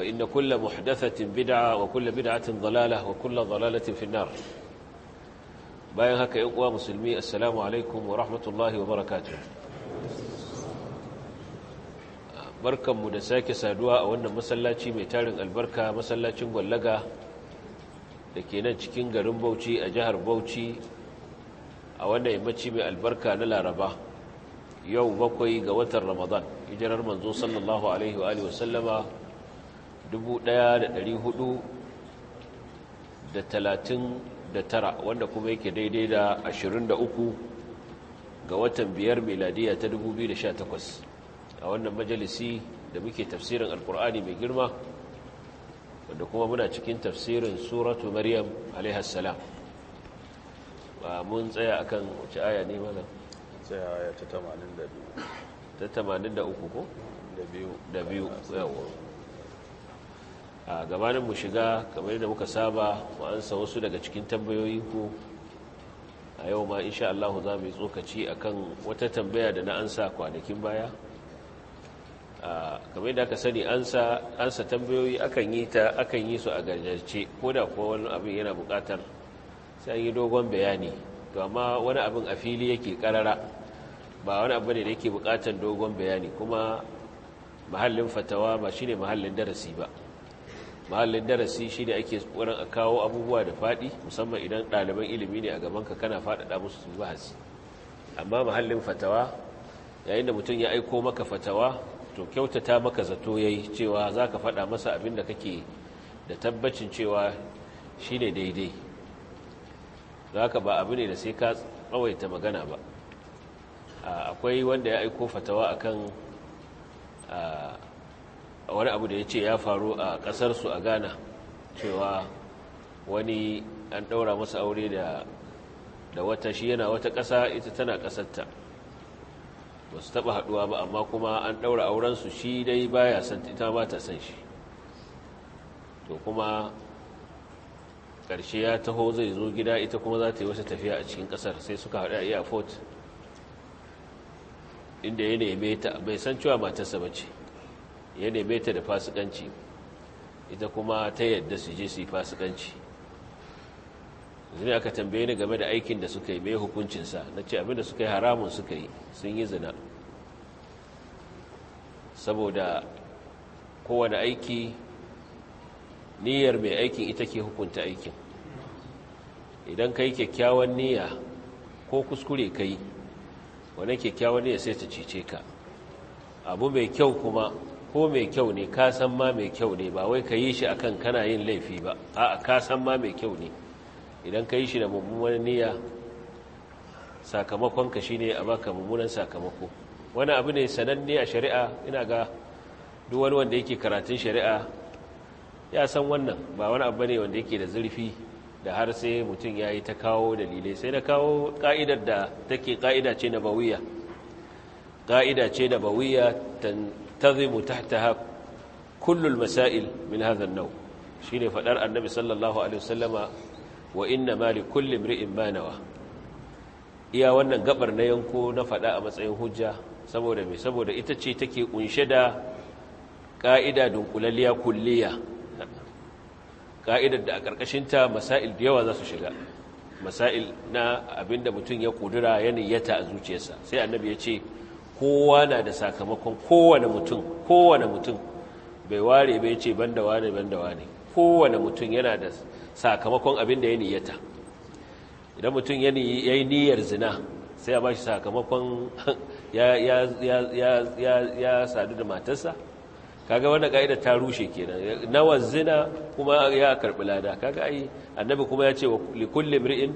فإن كل محدثة بدعة وكل بدعة ضلالة وكل ضلالة في النار باين هكا musulmi مسلمي السلام عليكم ورحمة الله وبركاته barkan mu da sake saduwa a wannan masallaci mai tarin albarka masallacin gwallaga da ke nan cikin garin bauchi a jihar bauchi a wannan yammaci mai albarka na laraba yau bakwai ga watan ramadan hijirar manzo sallallahu alaihi wa tara, wanda kuma yake daidai da 23 ga watan biyar meladiya ta 2018 a wannan majalisi da muke tafsirin alkur'ani mai girma wanda kuma muna cikin tafsirin suratu maryam alaihassalam ba mun tsaya a kan wace aya ne mana tsaya aya ta 82 ta 83 ko da biyu da biyu yawo a gabanin mu shiga kamar yadda muka saba mu ansa wasu daga cikin tambayoyinku a yau ma insha Allah za mu yi tsokaci akan wata tambaya da na ansa kwanakin baya kamar yadda aka sani ansa ansa tambayoyi akan yi ta akan yi su a gajarce ko da ko wani abin yana buƙatar sai yi dogon bayani to amma wani abin a fili yake karara ba wani abu ne da yake buƙatar dogon bayani kuma mahallin fatawa ba shine mahallin darasi ba mahallin darasi shi ne ake wurin a kawo abubuwa da faɗi musamman idan ɗaliban ilimi ne a gaban ka kana faɗaɗa musu su bahasi amma mahallin fatawa yayin da mutum ya aiko maka fatawa to kyautata maka zato ya yi cewa za ka faɗa masa abin da kake da tabbacin cewa shi ne daidai za ka ba abu ne da sai ka tsawaita magana ba akwai wanda ya aiko fatawa akan wani abu da ya ce ya faru a ƙasarsu a ghana cewa wani an ɗaura masa aure da wata shi yana wata ƙasa ita tana ƙasarta ba su taɓa haɗuwa ba amma kuma an ɗaura aurensu shi dai baya san ita ba ta san shi to kuma ƙarshe ya taho zai zo gida ita kuma za ta yi wata tafiya a cikin ƙasar sai suka haɗu a iya fort inda ya neme ta bai san cewa matarsa ba ce ya neme ta da fasikanci ita kuma ta yadda su je su yi fasikanci zina aka tambaye ni game da aikin da suka yi mai hukuncinsa na ce abinda suka yi haramun suka yi sun yi zina saboda kowane aiki niyyar mai aikin ita ke hukunta aikin idan ka yi kyakkyawan niyya ko kuskure ka yi wane kyakkyawan niyya sai ta cice ka abu mai kyau kuma ko mai kyau ne ka san ma mai kyau ne ba wai ka yi shi akan kana yin laifi ba a'a ka san ma mai kyau ne idan ka yi shi da mummunan niyya sakamakon ka shine a baka mummunan sakamako wani abu ne sananne a shari'a ina ga duk wani wanda yake karatun shari'a ya san wannan ba wani abu ne wanda yake da zurfi da har sai mutum ya yi ta kawo dalilai sai na kawo ka'idar da take ka'ida ce na bawiya ka'ida ce da bawiya tazimu tahtaha kullul masail min hadha an-naw shine faɗar annabi sallallahu alaihi wasallama wa inna ma li kulli nawa iya wannan gabar na yanko na fada a matsayin hujja saboda saboda ita ce take kunshe da ka'ida dunkulaliya kulliya ka'idar da a ƙarƙashin ta masail da yawa za su shiga masail na abinda mutum ya kudura ya niyyata a zuciyarsa sai annabi ya ce kowa na da sakamakon kowane mutum kowane mutum bai ware bai ce banda wane banda wane kowane mutum yana da sakamakon abin da ya niyyata idan mutum ya yi niyyar zina sai ya ba shi sakamakon ya sadu da matarsa kaga wanda ka'ida ta rushe kenan nawa zina kuma ya karbi lada kaga ai annabi kuma ya ce wa likulli mri'in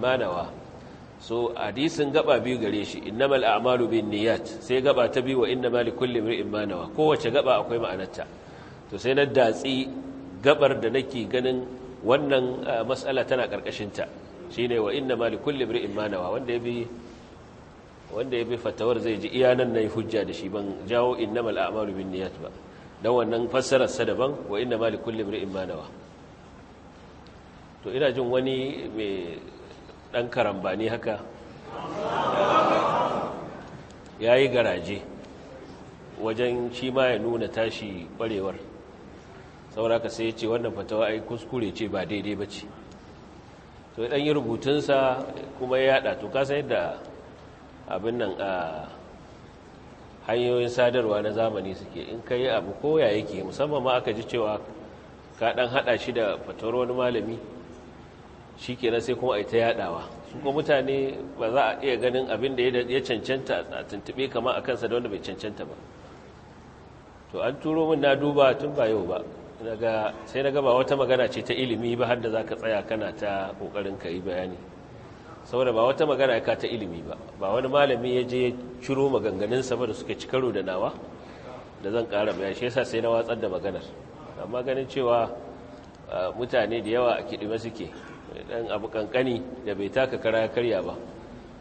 manawa so hadisin gaba biyu gare shi innamal a'malu bin niyyat sai gaba ta biyu wa innamal likulli imrin ma nawa kowace gaba akwai ma'anarta to sai na datsi gabar da nake ganin wannan mas'ala tana karkashin ta shine wa innamal likulli imrin ma nawa wanda ya bi wanda ya bi fatawar zai ji iya nan nayi hujja da shi ban jawo innamal a'malu bin niyyat ba dan wannan fassarar sa daban wa innamal likulli imrin ma nawa to ina jin wani mai ɗan karambani haka ya yi garaje wajen shi ma ya nuna tashi ɓarewar sauraka sai ya ce wannan fatawa ai kuskure ce ba daidai ba ce to ya ɗanyi rubutunsa kuma ya yada to kasa yadda abin nan a hanyoyin sadarwa na zamani suke in ka yi abu koya yake musamman ma aka ji cewa ka ɗan haɗa shi da fatawar wani malami shi kenan sai kuma a yi ta yadawa su kuma mutane ba za a iya ganin abin da ya cancanta a tuntube kama a kansa da wanda bai cancanta ba to an turo min na duba tun ba yau ba sai na gaba wata magana ce ta ilimi ba har da za ka tsaya kana ta kokarin ka yi bayani saboda ba wata magana ka ta ilimi ba ba wani malami ya je ya ciro maganganunsa ba da suka ci karo da nawa da zan kara bayan shi yasa sai na watsar da maganar amma ganin cewa mutane da yawa a kiɗime suke dan abu kankani da bai taka kara ya karya ba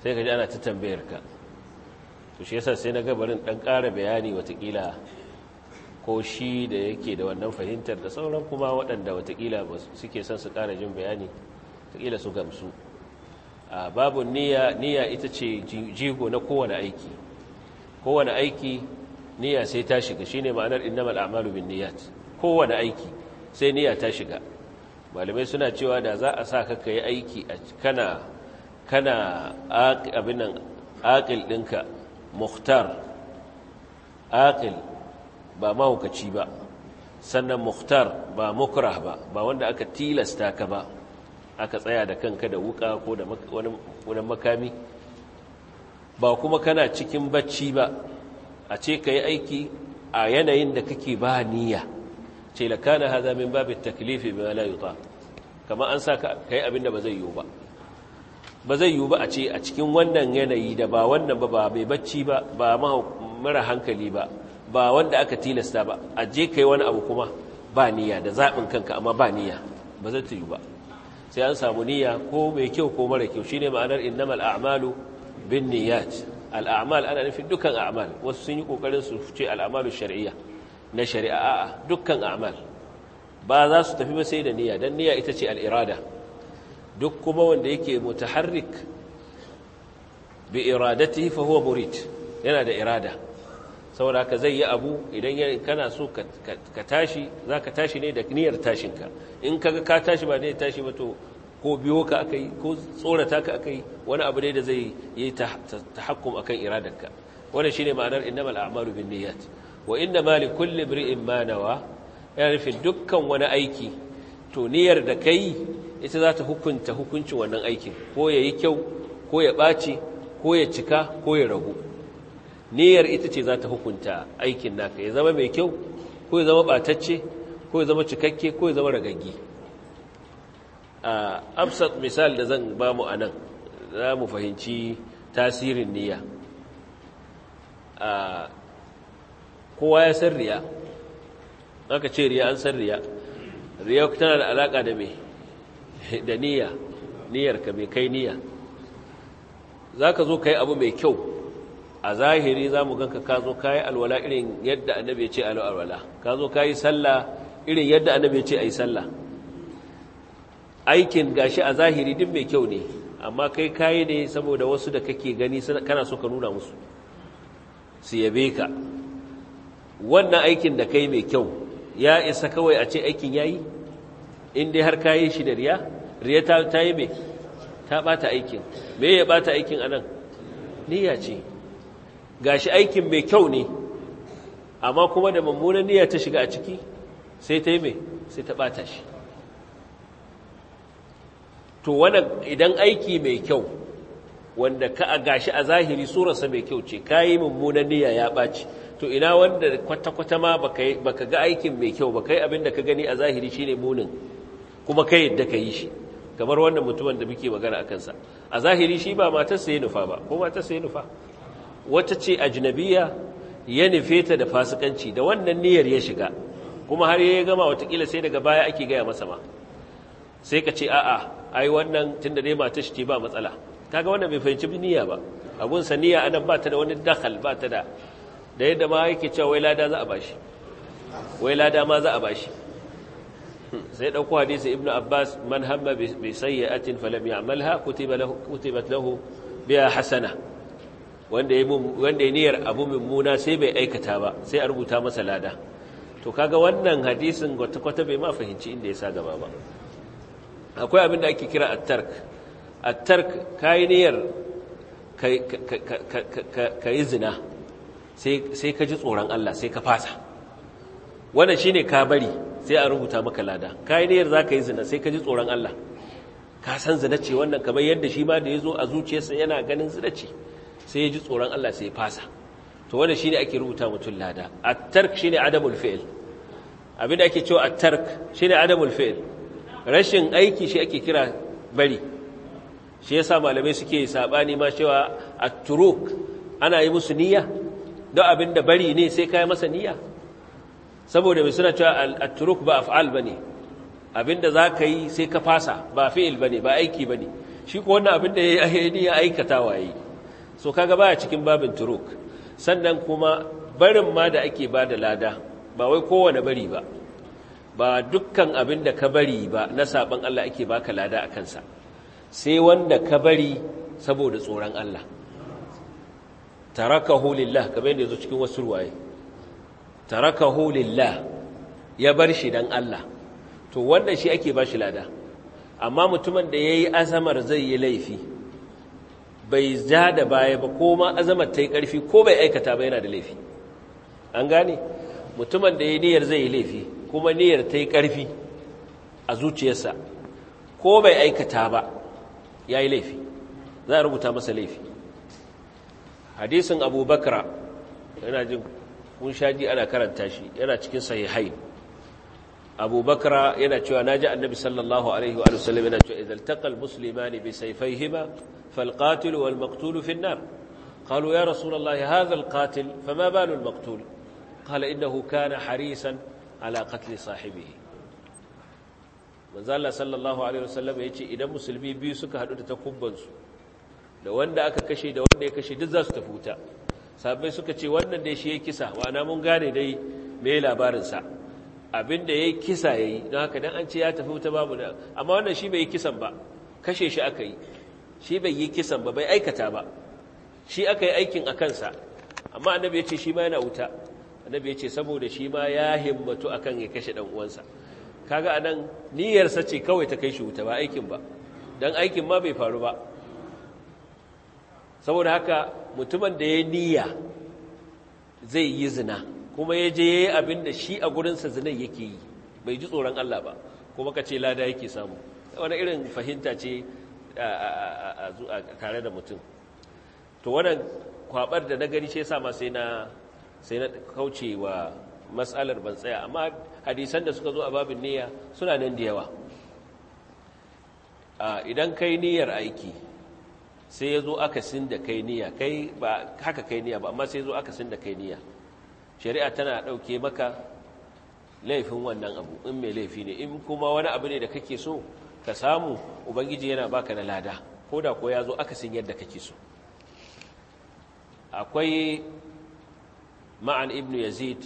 sai ka ji ana ta tambayar ka to shi yasa sai na ga barin dan kara bayani watakila ko shi da yake da wannan fahimtar da sauran kuma waɗanda watakila suke son su kara jin bayani watakila su gamsu a babu niyya niyya ita ce jigo na kowane aiki kowane aiki niyya sai ta shiga shine ma'anar innamal a'malu niyyat kowane aiki sai niyya ta shiga malamai suna cewa da za a sa ka yi aiki a kana kana abin nan aqil muhtar aqil ba mahukaci ba sannan muhtar ba mukrah ba ba wanda aka tilasta ka ba aka tsaya da kanka da wuka ko da wani makami ba kuma kana cikin bacci ba a ce ka yi aiki a yanayin da kake ba niyya ce la kana hadha min babit taklifi bima la yuta kama an saka kai abinda ba zai yiwu ba ba zai yiwu ba a ce a cikin wannan yanayi da ba wannan ba ba mai bacci ba ba mara hankali ba ba wanda aka tilasta ba a je kai wani abu kuma ba niyya da zaɓin kanka amma ba niyya ba zai ta yiwu ba sai an samu niyya ko mai kyau ko mara kyau shine ma'anar innamal a'malu bin niyyat al'amal ana nufin dukan a'mal wasu sun yi kokarin su ce al'amalu shar'iyya na shari'a a'a dukkan a'mal ba za su tafi ba sai da niyya dan niyya ita ce al-irada duk kuma wanda yake mutaharrik bi iradatihi fa huwa murid yana da irada saboda haka zai yi abu idan kana so ka tashi za ka tashi ne da niyyar tashinka in kaga ka tashi ba ne tashi ba to ko biyo ka aka yi ko tsorata ka aka yi wani abu ne da zai yi tahakkum akan iradarka wannan shine ma'anar innamal a'malu binniyat wa inna mali kulle kulli imri'in ma nawa yana nufin dukkan wani aiki to niyyar da kai ita za ta hukunta hukuncin wannan aikin ko ya yi kyau ko ya ɓaci ko ya cika ko ya ragu niyyar ita ce za ta hukunta aikin naka ya zama mai kyau ko ya zama ɓatacce ko ya zama cikakke ko ya zama ragaggi a amsa misal da zan ba mu a nan za mu fahimci tasirin niyya kowa ya san riya aka ce riya an san riya riya tana da alaka da me da niyya niyyar ka mai kai niyya Za ka zo kai abu mai kyau a zahiri zamu ganka ka zo yi alwala irin yadda annabi ya ce alwala ka zo yi sallah irin yadda annabi ya ce ayi sallah aikin gashi a zahiri din mai kyau ne amma kai kayi ne saboda wasu da kake gani kana so ka nuna musu su yabe ka wannan aikin da kai mai kyau ya isa kawai a ce aikin yayi in dai har kayi shi da riya riya ta yi mai ta bata aikin me ya bata aikin anan niyya ce gashi aikin mai kyau ne amma kuma da mummunan niyya ta shiga a ciki sai ta yi mai sai ta bata shi to wannan idan aiki mai kyau wanda ka a gashi a zahiri surarsa mai kyau ce kayi mummunan niyya ya ɓaci to ina wanda kwata-kwata ma baka ga aikin mai kyau baka yi abin da ka gani a zahiri shine munin kuma kai yadda ka yi shi kamar wannan mutumin da muke magana a kansa a zahiri shi ba matarsa ya nufa ba ko matarsa ya nufa wata ce ajnabiya ya nufe ta da fasikanci da wannan niyyar ya shiga kuma har ya gama watakila sai daga baya ake gaya masa ma sai ka ce a'a ai wannan tunda dai matar shi ce ba matsala Ta ga wannan bai fahimci niyya ba abun Saniya niyya anan ba ta da wani dakhal ba ta da da yadda ma yake cewa wai lada za a bashi wai lada ma za a bashi hmm, sai dauko hadisi ibnu abbas man hamma bi sayyi'atin lam ya'malha kutiba lahu kutibat lahu biha hasana wanda yayi wanda yayi niyyar abu mummuna sai bai aikata ba sai a rubuta masa lada to kaga wannan hadisin gwata-gwata bai ma fahimci inda ya sa gaba ba akwai abin da ake kira at-tark at-tark kai niyyar ka yi zina sai ka ji tsoron Allah sai ka fasa shi shine ka bari sai a rubuta maka lada yi niyar za ka yi zina sai ka ji tsoron Allah ka san zina ce wannan kamar yadda shi ma da ya zo a zuciyarsa yana ganin zina ce sai ya ji tsoron Allah sai ya fasa to shi shine ake rubuta mutum lada at-tark shine adamul fa'il abin da ake cewa at-tark shine adamul fi'l rashin aiki shi ake kira bari shi yasa malamai suke sabani ma cewa a turuk ana yi musu niyya don abin da bari ne sai ka yi masa niyya saboda mai suna cewa al-turuk ba af'al bane abin da za ka yi sai ka fasa ba fi'il bane ba aiki bane shi ko wannan abin da ya yi niyya aikata waye. so kaga ba cikin babin turuk sannan kuma barin ma da ake ba da lada ba wai kowane bari ba ba dukkan abin da ka bari ba na saban Allah ake baka lada a kansa sai wanda ka bari saboda tsoron Allah tarakahu lillah kamar yadda yazo cikin wasu ruwaye tarakahu lillah ya bar shi dan Allah to wanda shi ake bashi lada amma mutumin da yayi azamar zai yi laifi bai za da baya ba ko ma azamar tai karfi ko bai aikata ba yana da laifi an gane mutumin da yayi niyyar zai yi laifi kuma niyyar ta karfi a zuciyarsa ko bai aikata ba yayi laifi za a rubuta masa laifi hadisin abubakar yana jin kun shaji ana karanta shi yana cikin sahihai abubakar yana cewa na ji annabi sallallahu alaihi wa sallam yana cewa idan taqal muslimani bi sayfayhima falqatil wal maqtul fi an-nar qalu ya rasulullahi hadha al-qatil fama balu al-maqtul qala innahu kana harisan ala qatl sahibihi manzo Allah sallallahu alaihi wa sallam yace idan musulmi biyu suka hadu da takubbansu da wanda aka kashe da wanda ya kashe duk za su tafi wuta sabai suka ce wannan dai shi ya kisa wana mun gane dai me labarinsa abinda ya kisa ya yi don haka don an ce ya tafi wuta babu da amma wannan shi bai yi kisan ba kashe shi aka yi shi bai yi kisan ba bai aikata ba shi aka yi aikin a kansa amma annabi ya ce shi ma yana wuta annabi ya ce saboda shi ma ya himmatu akan ya kashe ɗan uwansa kaga anan niyyarsa ce kawai ta kai shi wuta ba aikin ba dan aikin ma bai faru ba saboda haka mutumin da ya niyya zai yi zina kuma ya je ya yi abin da shi a gurinsa zinai yake yi bai ji tsoron Allah ba kuma ka ce lada yake samu wani irin fahimta ce a tare da mutum to wannan kwabar da na gani ce sama sai na sai na kauce wa matsalar ban tsaya amma hadisan da suka zo a babin niyya suna nan da yawa idan kai niyyar aiki sai ya zo akasin da kai niyya kai ba haka kai niyya ba amma sai ya zo akasin da kai niyya shari'a tana ɗauke maka laifin wannan abu in mai laifi ne in kuma wani abu ne da kake so ka samu ubangiji yana baka da lada ko da ko ya zo akasin yadda kake so akwai ma'an ibnu yazid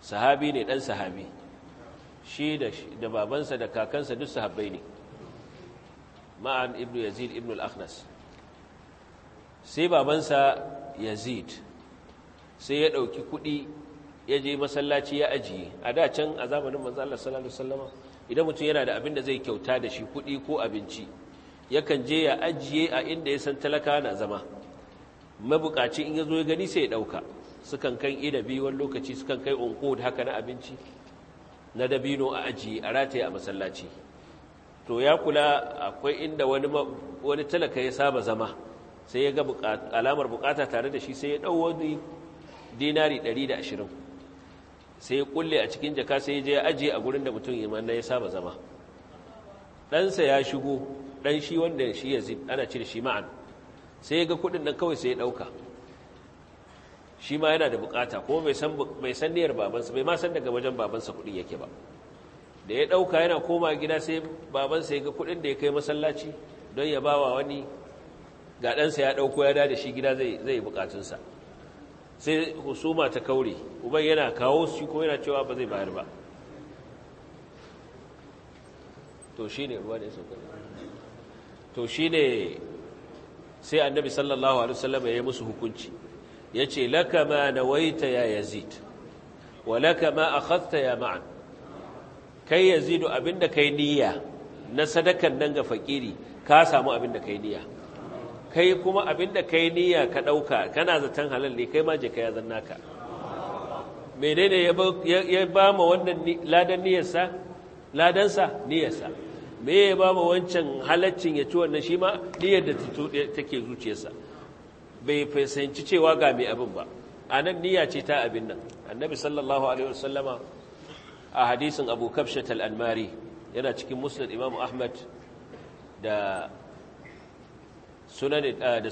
sahabi ne dan sahabi shi da babansa da kakansa duk sahabbai ne ma'an ibn yazid ibn al-akhnas sai babansa yazid sai ya ɗauki kuɗi ya je masallaci ya ajiye a da can a zamanin manzo Allah sallallahu alaihi wasallam idan mutum yana da abin da zai kyauta da shi kuɗi ko abinci yakan je ya ajiye a inda ya san talaka na zama mabukaci in ya zo ya gani sai ya ɗauka sukan kan bi wani lokaci sukan kai unko da haka na abinci na dabino a ajiye a rataye a masallaci to ya kula akwai inda wani talaka ya saba zama sai ya ga alamar bukata tare da shi sai ya dau wani dinari 120 sai ya kulle a cikin jaka sai ya je ya ajiye a gurin da mutum imanin ya saba zama ɗansa ya shigo ɗan shi wanda shi ya zi ana cire shi ma'an sai ya ga kuɗin nan kawai sai ya dauka shi ma yana da bukata ko bai san niyar babansa bai ma san daga wajen babansa kuɗin yake ba da ya ɗauka yana koma gida sai babansa ya ga kuɗin da ya kai masallaci don ya bawa wani gaɗansa ya ɗauko ya da shi gida zai buƙatunsa sai husuma ta kaure uban yana kawo shi ko yana cewa ba zai bayar ba to shi ne sai annabi sallallahu alaihi wasallam ya yi musu hukunci ya ce laka ma nawaita ya yazid wa laka ma akhadta ya ma'an kai yazidu abinda kai niyya na sadakan nan ga fakiri ka samu abinda kai niyya kai kuma abinda kai niyya ka dauka kana zaton halal ne kai ma je ka yazan naka menene ya ba ma wannan ladan niyyarsa ladansa niyyarsa me ya ba ma wancan halaccin ya ci wannan shi ma niyyar da take zuciyarsa bai fahimci cewa ga mai abin ba anan niyya ce ta abin nan annabi sallallahu alaihi wasallama a hadisin abu kafshat al'almari yana cikin musnad imam ahmad da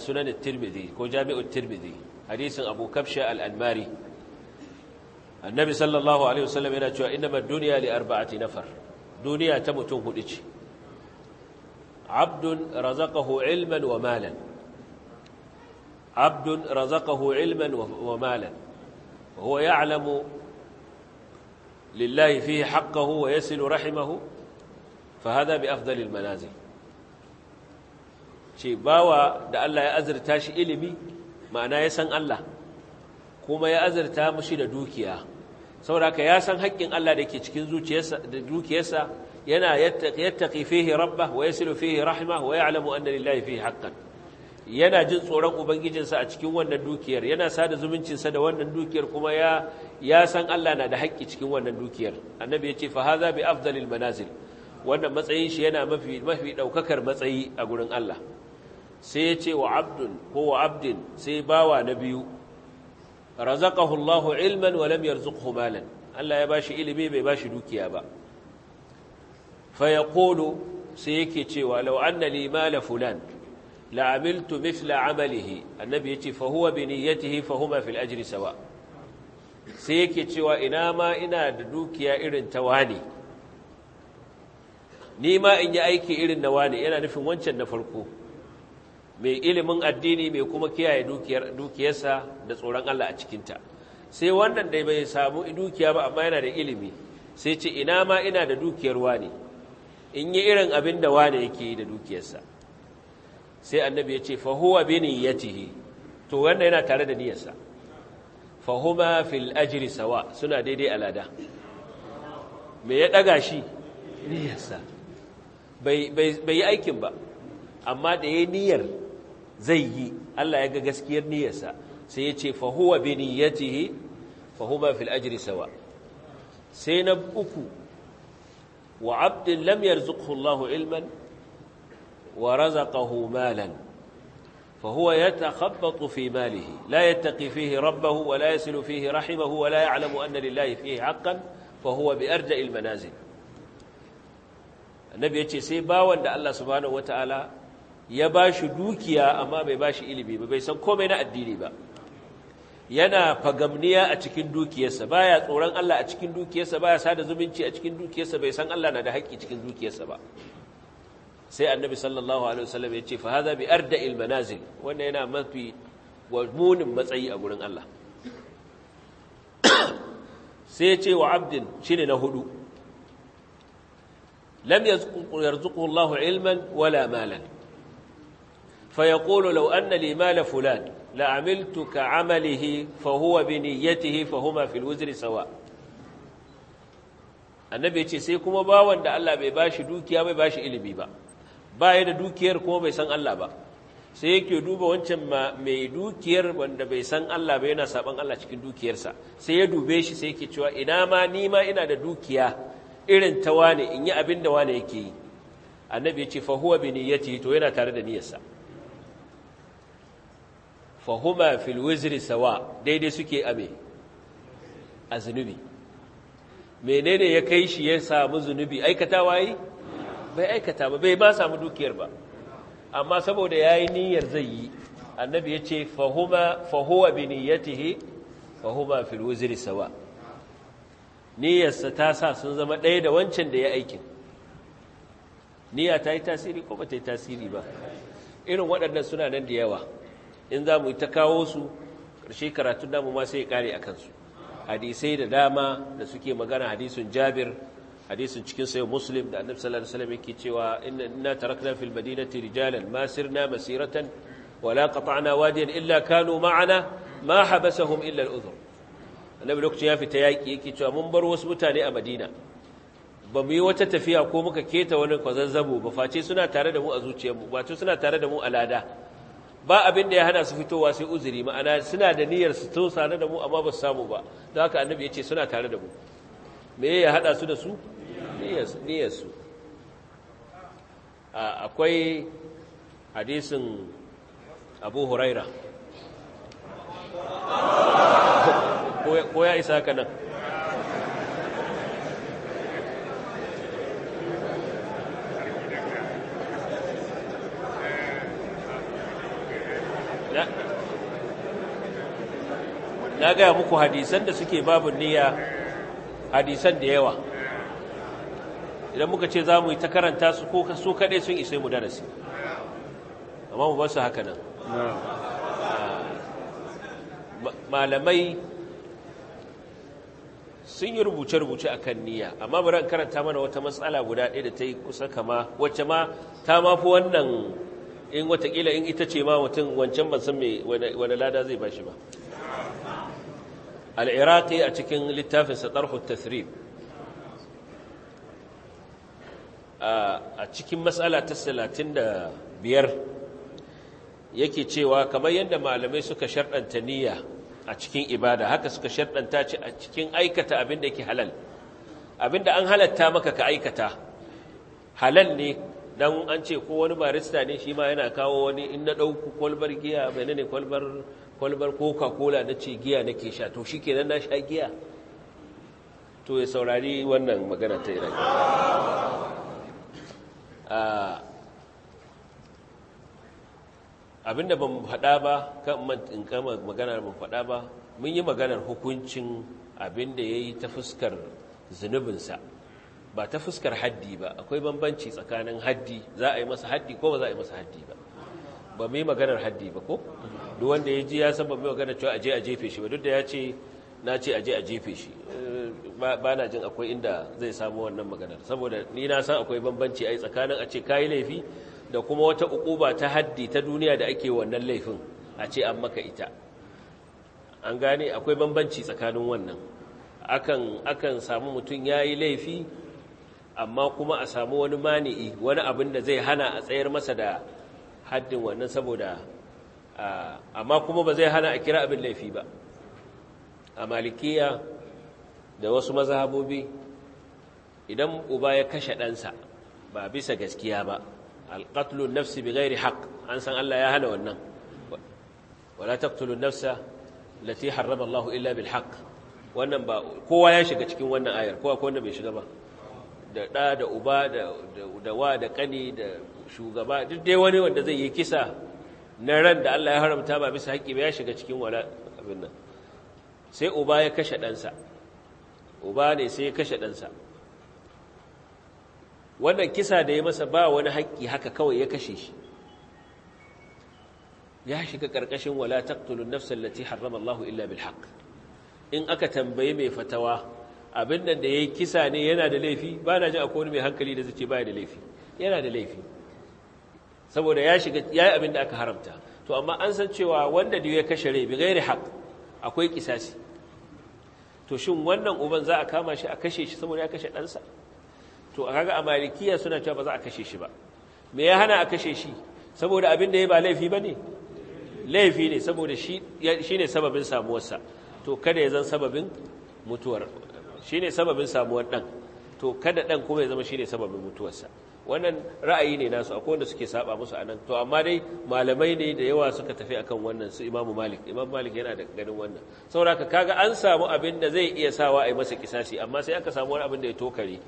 sunan eh, tirmidhi ko jami'ar tirmidhi hadisin abu kafshat al'almari annabi sallallahu alaihi wasallam yana cewa ina ma duniya li arba'ati nafar duniya ta mutum hudu ce abdun razaqahu ilman wa malan abdun razaqahu ilman wa malan wa huwa ya'lamu lillahi fihi haqqahu wa yasilu rahimahu fa hada bi afdalil manazil ce da Allah ya azurta shi ilimi ma'ana ya san Allah kuma ya azurta mushi da dukiya saboda haka ya san haƙƙin Allah da ke cikin zuciyarsa dukiyarsa yana yattaqi fihi rabba wa yasilu fihi rahmah anna lillahi fihi haqqan yana jin tsoron ubangijinsa a cikin wannan dukiyar yana sada zumuncinsa da wannan dukiyar kuma ya ya san Allah na da haƙƙi cikin wannan dukiyar annabi ya ce fa hadha bi afdalil manazil wannan matsayin shi yana mafi mafi daukakar matsayi a gurin Allah sai ya ce wa abdun ko wa abdin sai bawa na biyu razaqahu Allahu ilman wa lam yarzuqhu malan Allah ya bashi ilimi bai bashi dukiya ba fa yaqulu sai yake cewa law anna li mala fulan la'amiltu mithla amalihi annabi yace fa huwa bi niyyatihi fa huma fil ajri sawa sai yake cewa ina ma ina da dukiya irin ta wani ni ma in yi aiki irin na wani yana nufin wancan na farko mai ilimin addini mai kuma kiyaye dukiyarsa da tsoron Allah a cikinta sai wannan da bai samu dukiya ba amma yana da ilimi sai ce ina ma ina da dukiyar wani in yi irin abin da wani yake yi da dukiyarsa sai annabi ya ce fahuwa bi niyyatihi to wanda yana tare da niyyarsa fahuma fil ajri sawa suna daidai alada me ya daga shi niyyarsa bai yi aikin ba amma da ya niyyar zai yi Allah ya ga gaskiyar niyyarsa sai ya ce fahuwa bi niyyatihi fahuma fil ajri sawa sai na uku wa abdin lam yarzuqhu Allahu ilman ورزقه مالا فهو يتخبط في ماله لا يتقي فيه ربه ولا يصل فيه رحمه ولا يعلم أن لله فيه حقا فهو بأرجأ المنازل annabi ya ce sai bawan da Allah subhanahu wataala ya bashi dukiya amma bai bashi ilimi ba bai san komai na addini ba yana fagamniya a cikin dukiyarsa baya tsoron Allah a cikin dukiyarsa baya sada zumunci a cikin dukiyarsa bai san Allah na da haƙƙi cikin dukiyarsa ba sai annabi sallallahu alaihi wasallam ya ce fa hadha bi arda'il manazil wanda yana mafi munin matsayi a gurin Allah sai ya ce wa abdin shine na hudu lam yarzuqu Allahu ilman wala malan فيقول لو أن لي مال فلان لعملت كعمله فهو بنيته فهما في الوزر sawa. annabi ce sai kuma bawan da Allah bai bashi dukiya bai bashi ilimi ba ba ya da dukiyar kuma bai san Allah ba sai yake duba wancan mai dukiyar wanda bai san Allah ba yana saban Allah cikin dukiyarsa sai ya dube shi sai yake cewa ina ma ni ma ina da dukiya irin ta wane in yi abin da wane yake yi annabi ya ce fa huwa bi niyyati to yana tare da niyyarsa fa huma fil wizri sawa daidai suke abe a zunubi menene ya kai shi ya samu zunubi aikatawa yi bai aikata ba bai ba samu dukiyar ba amma saboda yayi niyyar zai yi annabi yace fahuma fahuwa bi niyyatihi fahuma fil wuzri sawa niyyarsa ta sa sun zama ɗaya da wancan da ya aikin niyya ta yi tasiri ko ba ta yi tasiri ba irin waɗannan suna nan da yawa in za mu yi ta kawo su ƙarshe karatun namu ma sai ya ƙare a kansu hadisai da dama da suke magana hadisun jabir hadisin cikin sayo muslim da annabi sallallahu alaihi wasallam yake cewa inna tarakna fil madinati rijalan ma sirna masiratan wala qata'na wadiyan illa kanu ma'ana ma habasahum illa al-udhur annabi lokacin ya fita yaki yake cewa mun bar wasu mutane a madina ba mu yi wata tafiya ko muka keta wani kwazazzabo ba face suna tare da mu a zuciyarmu ba to suna tare da mu a lada ba abin da ya hana su fitowa sai uzuri ma'ana suna da niyyar su to sare da mu amma ba su samu ba don haka annabi ya ce suna tare da mu me ya hada su da su niyyarsu akwai hadisin abu huraira ko ya isa ka nan na gaya muku hadisan da suke babu niyya hadisan da yawa idan muka ce za mu yi ta karanta su ko su kaɗai sun isai mu darasi amma mu basu haka nan malamai sun yi rubuce-rubuce a kan niyya amma bari an karanta mana wata matsala guda ɗaya da ta yi kusa kama wacce ma ta mafi wannan in watakila in ita ce ma mutum wancan ban mai wani lada zai ba shi ba al'iraqi a cikin littafinsa ɗarhu tathrib a cikin matsala ta salatin da biyar yake cewa kamar yadda malamai suka sharɗanta niyya a cikin ibada haka suka sharɗanta ce a cikin aikata abin da yake halal abin da an halatta maka ka aikata halal ne don an ce ko wani barista ne shi ma yana kawo wani in na ɗauku kwalbar giya mai ne kwalbar kwalbar coca-cola na ce giya na ke sha to shi nan na sha giya to ya saurari wannan magana ta iraki ah, abinda ban faɗa ba kan in kama maganar ban faɗa ba mun yi maganar hukuncin abinda ya yi ta fuskar zunubinsa ba ta fuskar haddi ba akwai bambanci tsakanin haddi za a yi masa haddi ko ba za a yi masa haddi ba ba mu yi maganar haddi ba ko duk wanda ya ji ya san ban magana cewa aje a jefe shi ba duk da ya ce na ce aje a jefe shi ba na jin akwai inda zai samu wannan maganar saboda ni na san akwai bambanci ai tsakanin a ce kayi laifi da kuma wata ukuba ta haddi ta duniya da ake wannan laifin a ce an maka ita an gane akwai bambanci tsakanin wannan akan akan samu mutum ya yi laifi amma kuma a samu wani mani'i wani abin da zai hana a tsayar masa da haddin wannan saboda Ah, amma kuma ba zai hana a kira abin laifi ba a malikiya da wasu mazhabobi idan uba ya kashe ɗansa ba bisa gaskiya ba alƙatlun nafsi bi gairi haƙ an san Allah ya hana wannan wala taqtulun nafsa lati harrama Allah illa bil haƙ wannan ba kowa ya shiga cikin wannan ayar kowa ko wanda bai shiga ba da ɗa da uba da wa da ƙani da shugaba duk dai wani wanda zai yi kisa na ran da Allah ya haramta ba bisa haƙƙi ba ya shiga cikin wala abin nan sai uba ya kashe ɗansa uba ne sai ya kashe ɗansa wannan kisa da ya masa ba wani haƙƙi haka kawai ya kashe shi ya shiga ƙarƙashin wala taqtulun nafsal lati harrama Allahu illa bil haqq in aka tambaye mai fatawa abin nan da yayi kisa ne yana da laifi ba na ji akwai wani mai hankali da zai ce ba da laifi yana da laifi saboda ya shiga yi abin da aka haramta to amma an san cewa wanda da ya kashe rai bi gairi haq akwai kisasi to shin wannan uban za a kama shi a kashe shi saboda ya kashe ɗansa to a kaga a malikiya suna cewa ba za a kashe shi ba me ya hana a kashe shi saboda abin da ya ba laifi ba ne laifi ne saboda shi ne sababin samuwarsa to kada ya zan sababin mutuwar shi ne sababin samuwar ɗan to kada ɗan kuma ya zama shi ne sababin mutuwarsa wannan ra'ayi ne nasu akwai wanda suke saba musu anan to amma dai malamai ne da yawa suka tafi akan wannan su Imam Malik Imam Malik yana da ganin wannan saboda kaga an samu abin da zai iya sawa a yi masa kisasi amma sai aka samu wani abin da ya tokare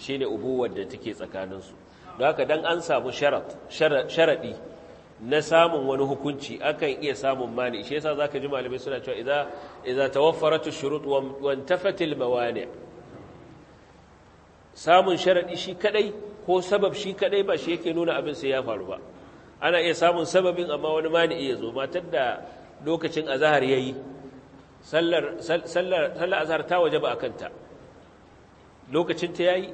shine ubuwar da take tsakanin su don haka dan an samu sharaɗi na samun wani hukunci akan iya samun mani shi yasa zaka ji malamai suna cewa idza idza tawaffaratu shurut wa intafat mawani samun sharadi shi kadai ko sabab shi kadai ba shi yake nuna abin sai ya faru ba ana iya samun sababin amma wani mani iya zo matar da lokacin azahar yayi sallar sallar sallar azhar ta wajaba akan ta lokacin ta yayi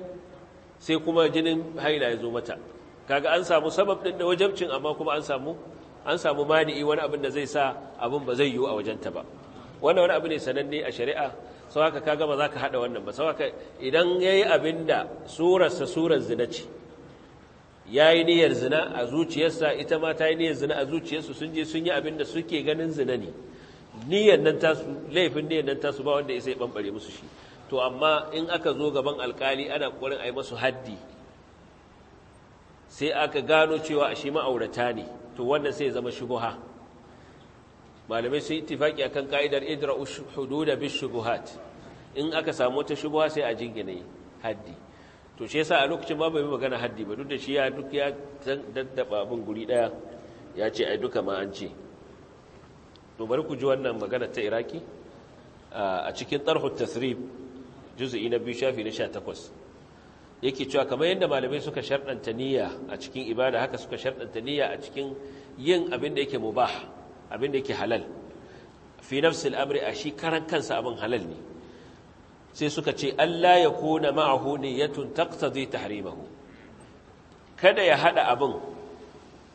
sai kuma jinin haila ya zo mata kaga an samu sabab din da wajabcin amma kuma an samu an samu mani wani abin da zai sa abin ba zai yiwu a wajenta ba wannan wani abu ne sananne a shari'a sau haka kaga ba za ka haɗa wannan ba sau haka idan ya yi abin da surarsa surar zina ce ya yi niyyar zina a zuciyarsa ita ma ta yi niyyar zina a zuciyarsu sun je sun yi abin da suke ganin zina ne niyyar nan tasu laifin niyyar nan tasu ba wanda isa ya bambare musu shi to amma in aka zo gaban alkali ana ƙoƙarin a yi masu haddi sai aka gano cewa a shi ma'aurata ne to wannan sai ya zama shubuha malamai sun tifaki akan ka'idar idra hududa shubuhat in aka samu ta shubuha sai a jingine haddi to shi yasa a lokacin ba bai magana haddi ba duk da shi ya duk ya daddaba abin guri daya ya ce ai duka ma an ce to bari ku ji wannan magana ta iraki a cikin tarhu tasrib juz'i na biyu shafi na 18 yake cewa kamar yadda malamai suka sharɗanta niyya a cikin ibada haka suka sharɗanta niyya a cikin yin abin da yake mubah abin da yake halal fi nafsil amri a shi karan kansa abin halal ne sai suka ce Allah ya kona ma'ahu niyyatun taqtadi tahrimahu kada ya hada abin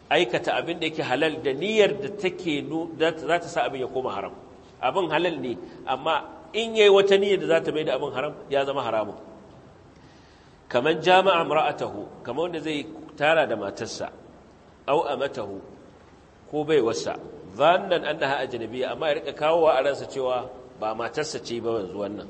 aikata abin da yake halal da niyyar da take za ta sa abin ya koma haram abin halal ne amma in yayi wata niyyar da za ta mai abin haram ya zama haramun kaman jama'a imra'atahu kamar wanda zai tara da matarsa au amatahu ko baiwarsa zannan annaha biya amma ya rika kawowa a ransa cewa ba matarsa ce ba yanzu wannan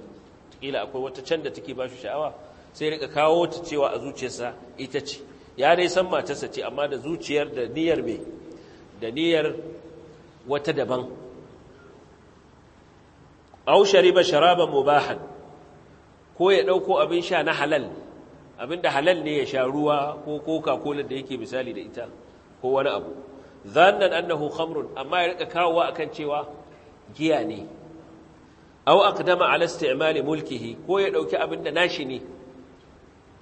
kila akwai wata can da take ba shi sha'awa sai rika kawo ta cewa a zuciyarsa ita ce ya dai san matarsa ce amma da zuciyar da niyyar mai da niyyar wata daban au shariba sharaban mubahan ko ya ɗauko abin sha na halal abin da halal ne ya sha ruwa ko coca-cola da yake misali da ita ko wani abu zannan annahu khamrun amma ya rika kawowa akan cewa giya ne aw aqdama ala isti'mali mulkihi ko ya dauki abin da nashi ne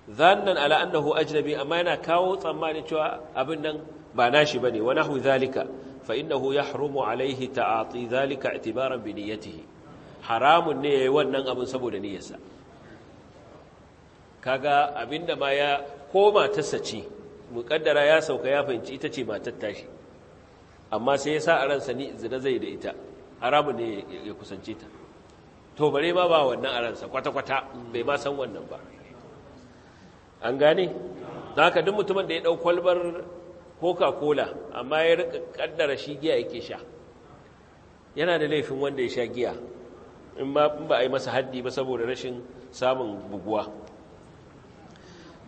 zannan ala annahu ajnabi amma yana kawo tsammani cewa abin nan ba nashi bane wa nahu zalika fa innahu yahrumu alaihi ta'ati zalika i'tibaran bi niyyatihi haramun ne yayi wannan abin saboda niyyarsa kaga abinda ma ya koma ta sace mukaddara ya sauka ya fahimci ita ce matar tashi amma sai ya sa a ransa ni zina zai da ita haramu ne ya kusance ta to bare ma ba wannan a ransa kwata-kwata bai ma san wannan ba an gane za ka duk mutumin da ya ɗau kwalbar coca-cola amma ya rika kaddara shi giya yake sha yana da laifin wanda ya sha giya in ba a yi masa haddi ba saboda rashin samun buguwa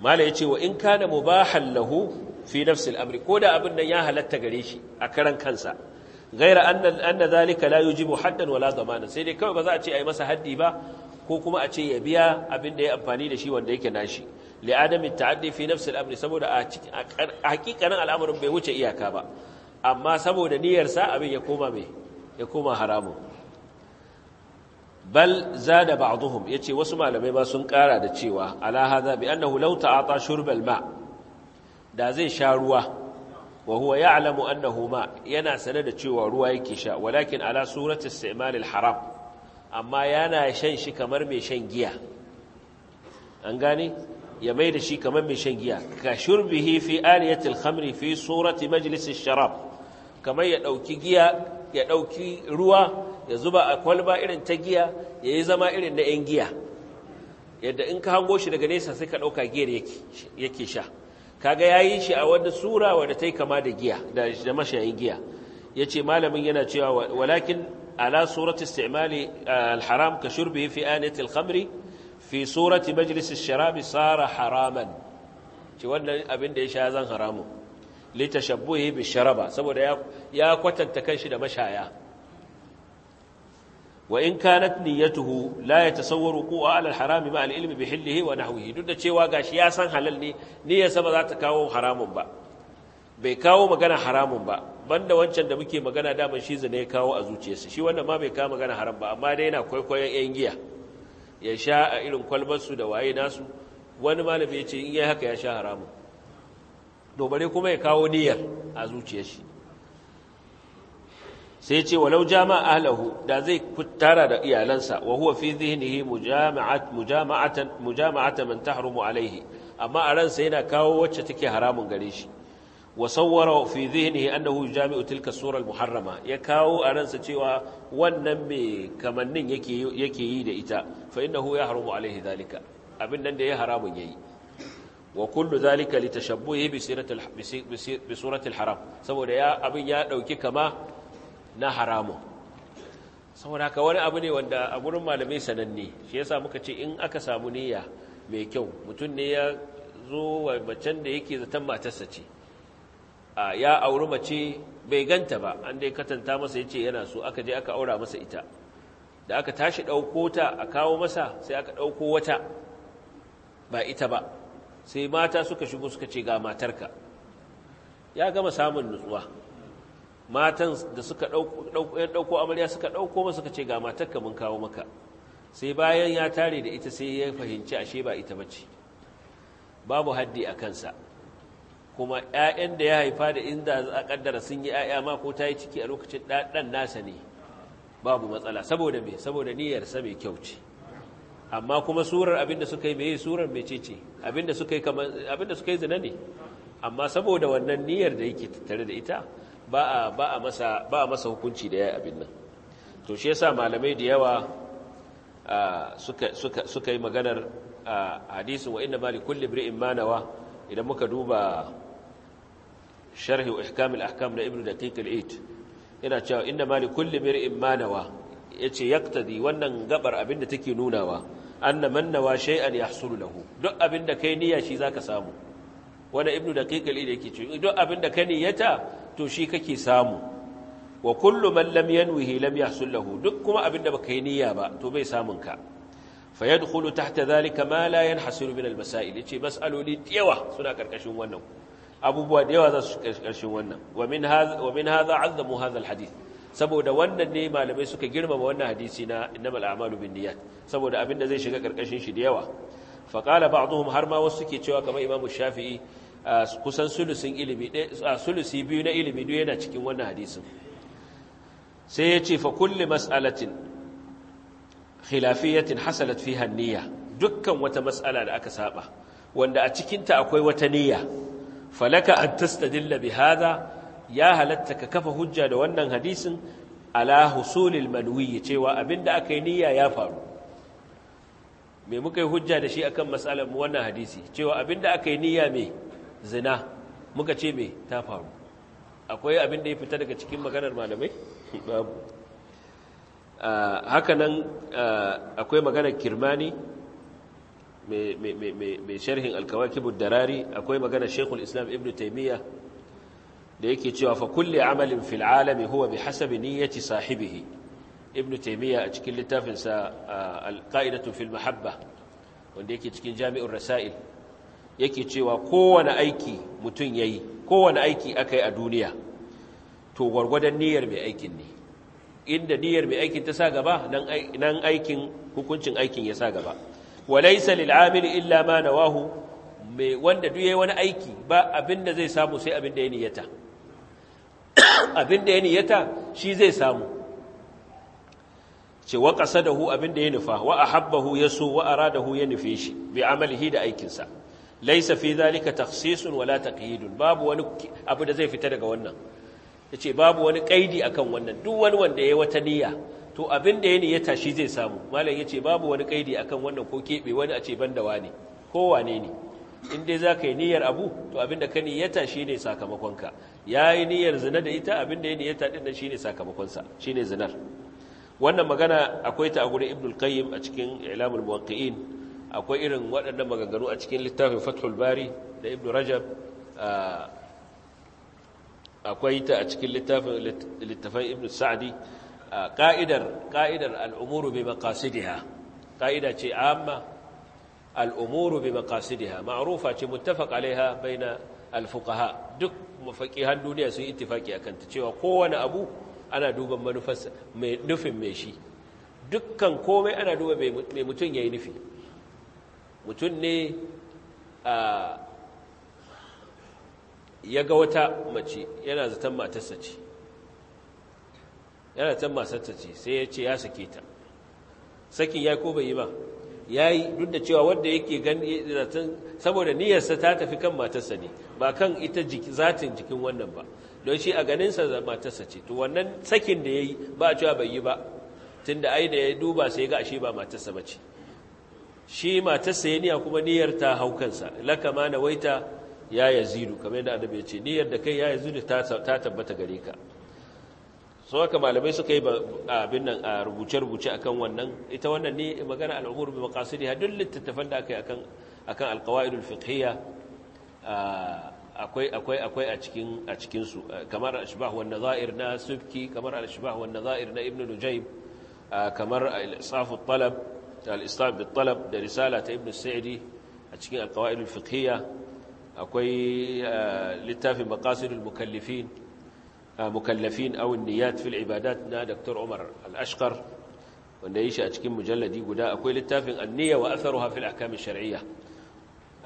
mala ya ce wa in kana mubahan lahu fi nafsil amri ko da abin nan ya halatta gare shi a karan kansa gaira anna zalika la yujibu haddan wala zamana sai dai kawai ba za a ce a yi masa haddi ba ko kuma a ce ya biya abin da ya amfani da shi wanda yake nashi li adami ta'addi fi nafsi amri saboda a cikin hakikanin al'amarin bai wuce iyaka ba amma saboda niyyar sa abin ya koma mai ya koma haramu bal zada ba'dhum yace wasu malamai ma sun kara da cewa ala hadha bi annahu law ta'ata shurb ma da zai sha ruwa wa huwa ya'lamu annahu ma yana sane da cewa ruwa yake sha walakin ala surati istimal haram amma yana shan shi kamar mai shan giya an gane ya mai da shi kamar mai shan giya ka shurbihi fi aliyati al-khamri fi surati majlis sharab kamar ya dauki giya ya dauki ruwa ya zuba a kwalba irin ta giya yayi zama irin na yan giya yadda in ka hango shi daga nesa sai ka dauka giyar yake yake sha kaga yayi shi a wanda sura wadda ta yi kama da giya da mashayin giya yace malamin yana cewa walakin ala surati istimali eh, alharam ka shurbi fi anati alkhamri fi surati majlis alsharabi sara haraman ce wannan abin da ya sha zan haramu litashabbuhi bisharaba saboda ya kwatanta kanshi da mashaya wa in kanat niyyatuhu la yatasawwaru qu'u ala harami ma al-ilmi bi hillihi wa duk da cewa gashi ya san halal ne niyyarsa ba za ta kawo haramun ba bai kawo magana haramun ba banda wancan da muke magana daman shi zane ya kawo a zuciyarsa shi wannan ma bai kawo magana haram ba amma dai yana kwaikwayon yan giya ya sha a irin kwalbarsu da waye nasu wani malami ya ce in yi haka ya sha haramun dobare kuma ya kawo niyyar a zuciyar shi sai ce walau jama'a ahlahu da zai tara da iyalansa wa huwa fi dhihnihi mujama'at mujama'atan man tahrumu alaihi amma a ransa yana kawo wacce take haramun gare shi wa sawwara fi dhihnihi annahu yujami'u tilka sura al-muharrama ya kawo a ransa cewa wannan me kamannin yake yake yi da ita fa innahu yahrumu alaihi dhalika abin nan da ya haramun yayi wa kullu zalika litashabbuhi bi sirati bi surati al-haram saboda ya abin ya dauki kama na haramu. saboda ka wani abu ne wanda a gurin malamai sananne shi yasa muka ce in aka samu niyya mai kyau mutum ne ya zo wa macen da yake zaton matarsa ce ya auri mace bai ganta ba an dai katanta masa ya ce yana so aka je aka aura masa ita da aka tashi ɗauko ta a kawo masa sai aka ɗauko wata ba ita ba sai mata suka shigo suka ce ga matarka ya gama samun nutsuwa matan da suka ɗauko amarya suka ɗauko masa suka ce ga matarka mun kawo maka sai bayan ya tare da ita sai ya fahimci ashe ba ita bace babu haddi a kansa kuma 'ya'yan da ya haifa da inda a kaddara sun yi 'ya'ya ma ko ta yi ciki a lokacin ɗan nasa ne babu matsala saboda me saboda niyyarsa mai kyau ce amma kuma surar abinda suka yi yi surar abin abinda suka yi zina ne amma saboda wannan niyyar da yake tattare da ita ba a masa hukunci da yayi abin nan to shi yasa malamai da yawa suka yi maganar hadisin wa mali kulle bri'in manawa idan muka duba sharhi wa ahkam na ibnu daqiq al-eid cewa inna mali kulle bri'in manawa yace yaktadi wannan gabar abin da take nunawa anna man nawa shay'an yahsulu lahu duk abin da kai niyya shi zaka samu wani ibnu da daqiq al ke ci. duk abin da ka niyyata to shi kake samu wa kullu man lam yanwihi lam yahsul lahu duk kuma abin da baka yi niyya ba to bai samun ka fa yadkhulu tahta dhalika ma la yanhasiru min al masail yace mas'aloli yawa suna karkashin wannan abubuwa da yawa za su karkashin wannan wa min hadha wa min hadha azzamu hadha al hadith saboda wannan ne malamai suka girmama wannan hadisi na innamal a'malu binniyat saboda abin da zai shiga karkashin shi da yawa fa qala ba'dhum har ma wasu ke cewa kamar imamu shafi'i kusan sulusin ilimi sulusi biyu na ilimi duk yana cikin wannan hadisin sai ya ce fa kulli mas'alatin khilafiyatin hasalat fi niyya dukkan wata mas'ala da aka saba wanda a cikinta akwai wata niyya falaka an tastadilla bi hadha ya halatta ka kafa hujja da wannan hadisin ala husulil manwi cewa abinda aka yi niyya ya faru me muka yi hujja da shi akan mas'alar mu wannan hadisi cewa abinda aka yi niyya me zina muka ce me ta faru akwai abin da ya fita daga cikin maganar malamai babu ah, haka nan ah, akwai maganar kirmani mai sharhin alkawakibud darari akwai maganar shekul islam ibn taimiyya da yake cewa fa kulle amalin fil alami huwa bi hasabi niyyati sahibihi ibn taimiyya a cikin littafinsa ah, alqaidatu fil filmahabba wanda yake cikin jami'ur rasail yake cewa kowane aiki mutum ya yi kowane aiki aka yi a duniya to gwargwadon niyyar mai aikin ne inda niyyar mai aikin ta sa gaba nan aikin hukuncin aikin ya sa gaba walaisa salil amil illa ma na mai wanda duk wani aiki ba abin da zai samu sai abin da ya niyyata da ya niyyata shi zai samu ce wa abin da ya nufa wa a ya so, wa a hu ya nufe shi bi amalihi da aikinsa laisa fi zalika takhsisun wala taqyidun babu wani abu da zai fita daga wannan yace babu wani kaidi akan wannan duk wani wanda yayi wata niyya to abin da ya niyyata shi zai samu malam yace babu wani kaidi akan wannan ko kebe wani a ce banda wane ko wane ne in dai zaka yi niyyar abu to abin da ka niyyata shine sakamakonka yayi niyyar zina da ita abin da ya niyyata din shine sakamakon sa shine zinar wannan magana akwai ta a gurin ibnul qayyim a cikin ilamul muwaqqi'in akwai irin waɗannan maganganu a cikin littafin fathul bari da ibn rajab akwai ta a cikin littafin ibn sa'adi ƙa'idar ƙa'idar al'umuru bi maqasidiha ƙa'ida ce amma al'umuru bi maqasidiha ma'rufa ce muttafaq alaiha baina al-fuqaha duk mafaqihan duniya sun ittifaki akan ta cewa kowane abu ana duban manufarsa mai nufin me shi dukkan komai ana duba mai mutum yayi nufi mutum ne ya ga wata mace yana zaton matarsa ce yana zaton matarsa ce sai ya ce ya sake ta sakin ya ko bai yi ba ya yi duk da cewa wadda yake gani zaton saboda niyyarsa ta tafi kan matarsa ne ba kan ita zatin jikin wannan ba don shi a ganinsa matarsa ce to wannan sakin da ya yi ba cewa bai yi ba tun da ai da ya duba sai ga ashe ba matarsa ba ce shi matarsa ya niya kuma niyyar ta haukansa. kansa laka ma nawaita ya yazidu kamar yadda annabi ya ce niyyar da kai ya yazidu ta tabbata gare ka so haka malamai suka yi abin nan a rubuce-rubuce a kan wannan ita wannan ne magana al'umur bi ne. duk littattafan da aka yi akan akan alqawaidul fiqhiyya akwai akwai akwai a cikinsu. a cikin su kamar ashbah wan nazair na subki kamar ashbah wan nazair na ibnu nujaym kamar al-isaf talab al-islam da risala ta ibn a cikin al-qawaid akwai eh, littafin maqasid al-mukallifin eh, mukallafin aw an-niyat fil ibadat na dr umar al-ashqar wanda yayi shi a cikin mujalladi guda akwai littafin an-niyya wa atharuha fil ahkam ash-shar'iyyah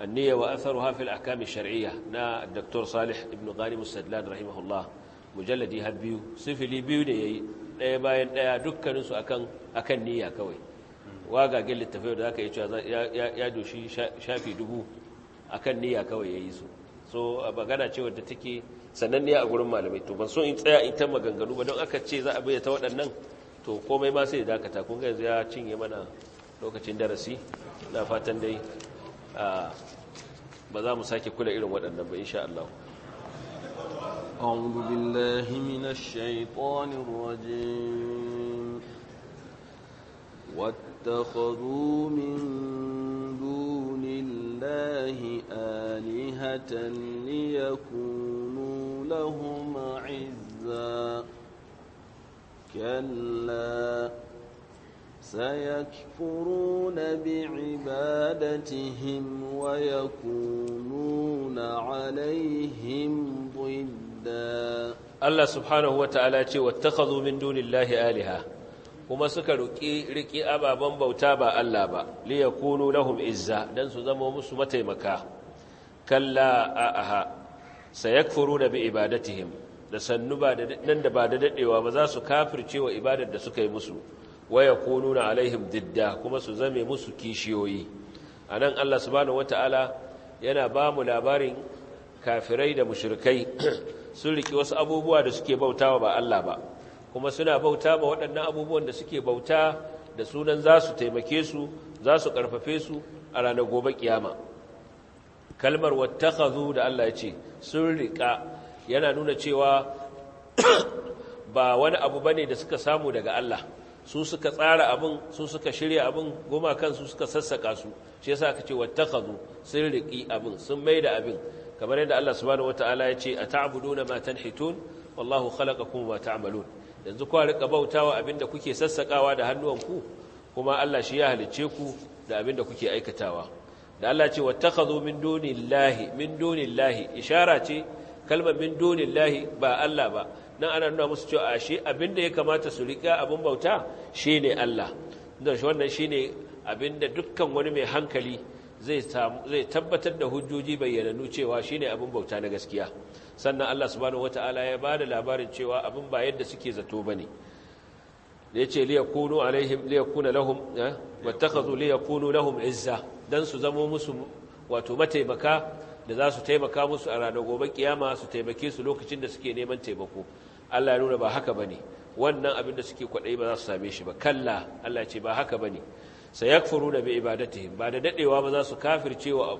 niyya wa atharuha fil ahkam ash na dr salih ibn ghanim as rahimahullah mujalladi har biyu sifili biyu da yayi ɗaya bayan ɗaya dukkaninsu akan niyya kawai wagagen littafai da aka yi cewa ya doshi shafi dubu akan niyya kawai ya yi su so a magana ce wadda take sananniya a gurin malamai to ban so in tsaya in ta maganganu ba don aka ce za a bayyata ta waɗannan to komai ma sai da dakata kun yanzu ya cinye mana lokacin darasi na fatan dai ba za mu sake kula irin waɗannan ba insha Allah أعوذ بالله من الشيطان الرجيم واتخذوا من دون الله آلهة ليكونوا لهم عزا كلا سيكفرون بعبادتهم ويكونون عليهم ضدا الله سبحانه وتعالى واتخذوا من دون الله آلهة kuma suka roƙi riƙi ababen bauta ba Allah ba li yakunu lahum izza dan su zama musu mataimaka kalla a aha da bi ibadatihim da sannu ba da nan da ba da dadewa ba za su kafirce wa ibadar da suka yi musu wa na alaihim didda kuma su zame musu kishiyoyi anan Allah subhanahu wataala yana ba mu labarin kafirai da mushrikai sun riki wasu abubuwa da suke bautawa ba Allah ba kuma suna bauta ba waɗannan abubuwan da suke bauta da sunan za su taimake su za su ƙarfafe su a ranar gobe kiyama kalmar wattakazu da Allah ya ce sun riƙa yana nuna cewa ba wani abu bane da suka samu daga Allah su suka tsara abin su suka shirya abin goma su suka sassaka su shi yasa aka ce wattakazu sun riƙi abin sun maida abin kamar yadda Allah subhanahu wataala ya ce a ata'buduna ma tanhitun wallahu khalaqakum wa ta'malun yanzu kwa rika bautawa abinda kuke sassakawa da hannuwanku kuma Allah shi ya halicce ku da abinda kuke aikatawa da Allah ce wattakhadhu min dunillahi min dunillahi ishara ce kalmar min dunillahi ba Allah ba nan ana nuna musu cewa ashe abinda ya kamata su rika abin bauta shine Allah dan shi wannan shine abinda dukkan wani mai hankali zai tabbatar da hujjoji bayyananu cewa shine abin bauta na gaskiya sannan Allah subhanahu wata'ala ya bada labarin cewa abin ba yadda suke zato bane da yace li yakunu alaihim li yakuna lahum eh, wattakhadhu li lahum izza dan su zamo musu wato mataimaka da za su taimaka musu a ranar gobe kiyama su taimake su lokacin da suke neman taimako Allah ya nuna ba haka bane wannan abin da suke kwadai ba za su same shi ba kalla Allah ce ba haka bane da bi ibadatihim ba da dadewa ba za su kafircewa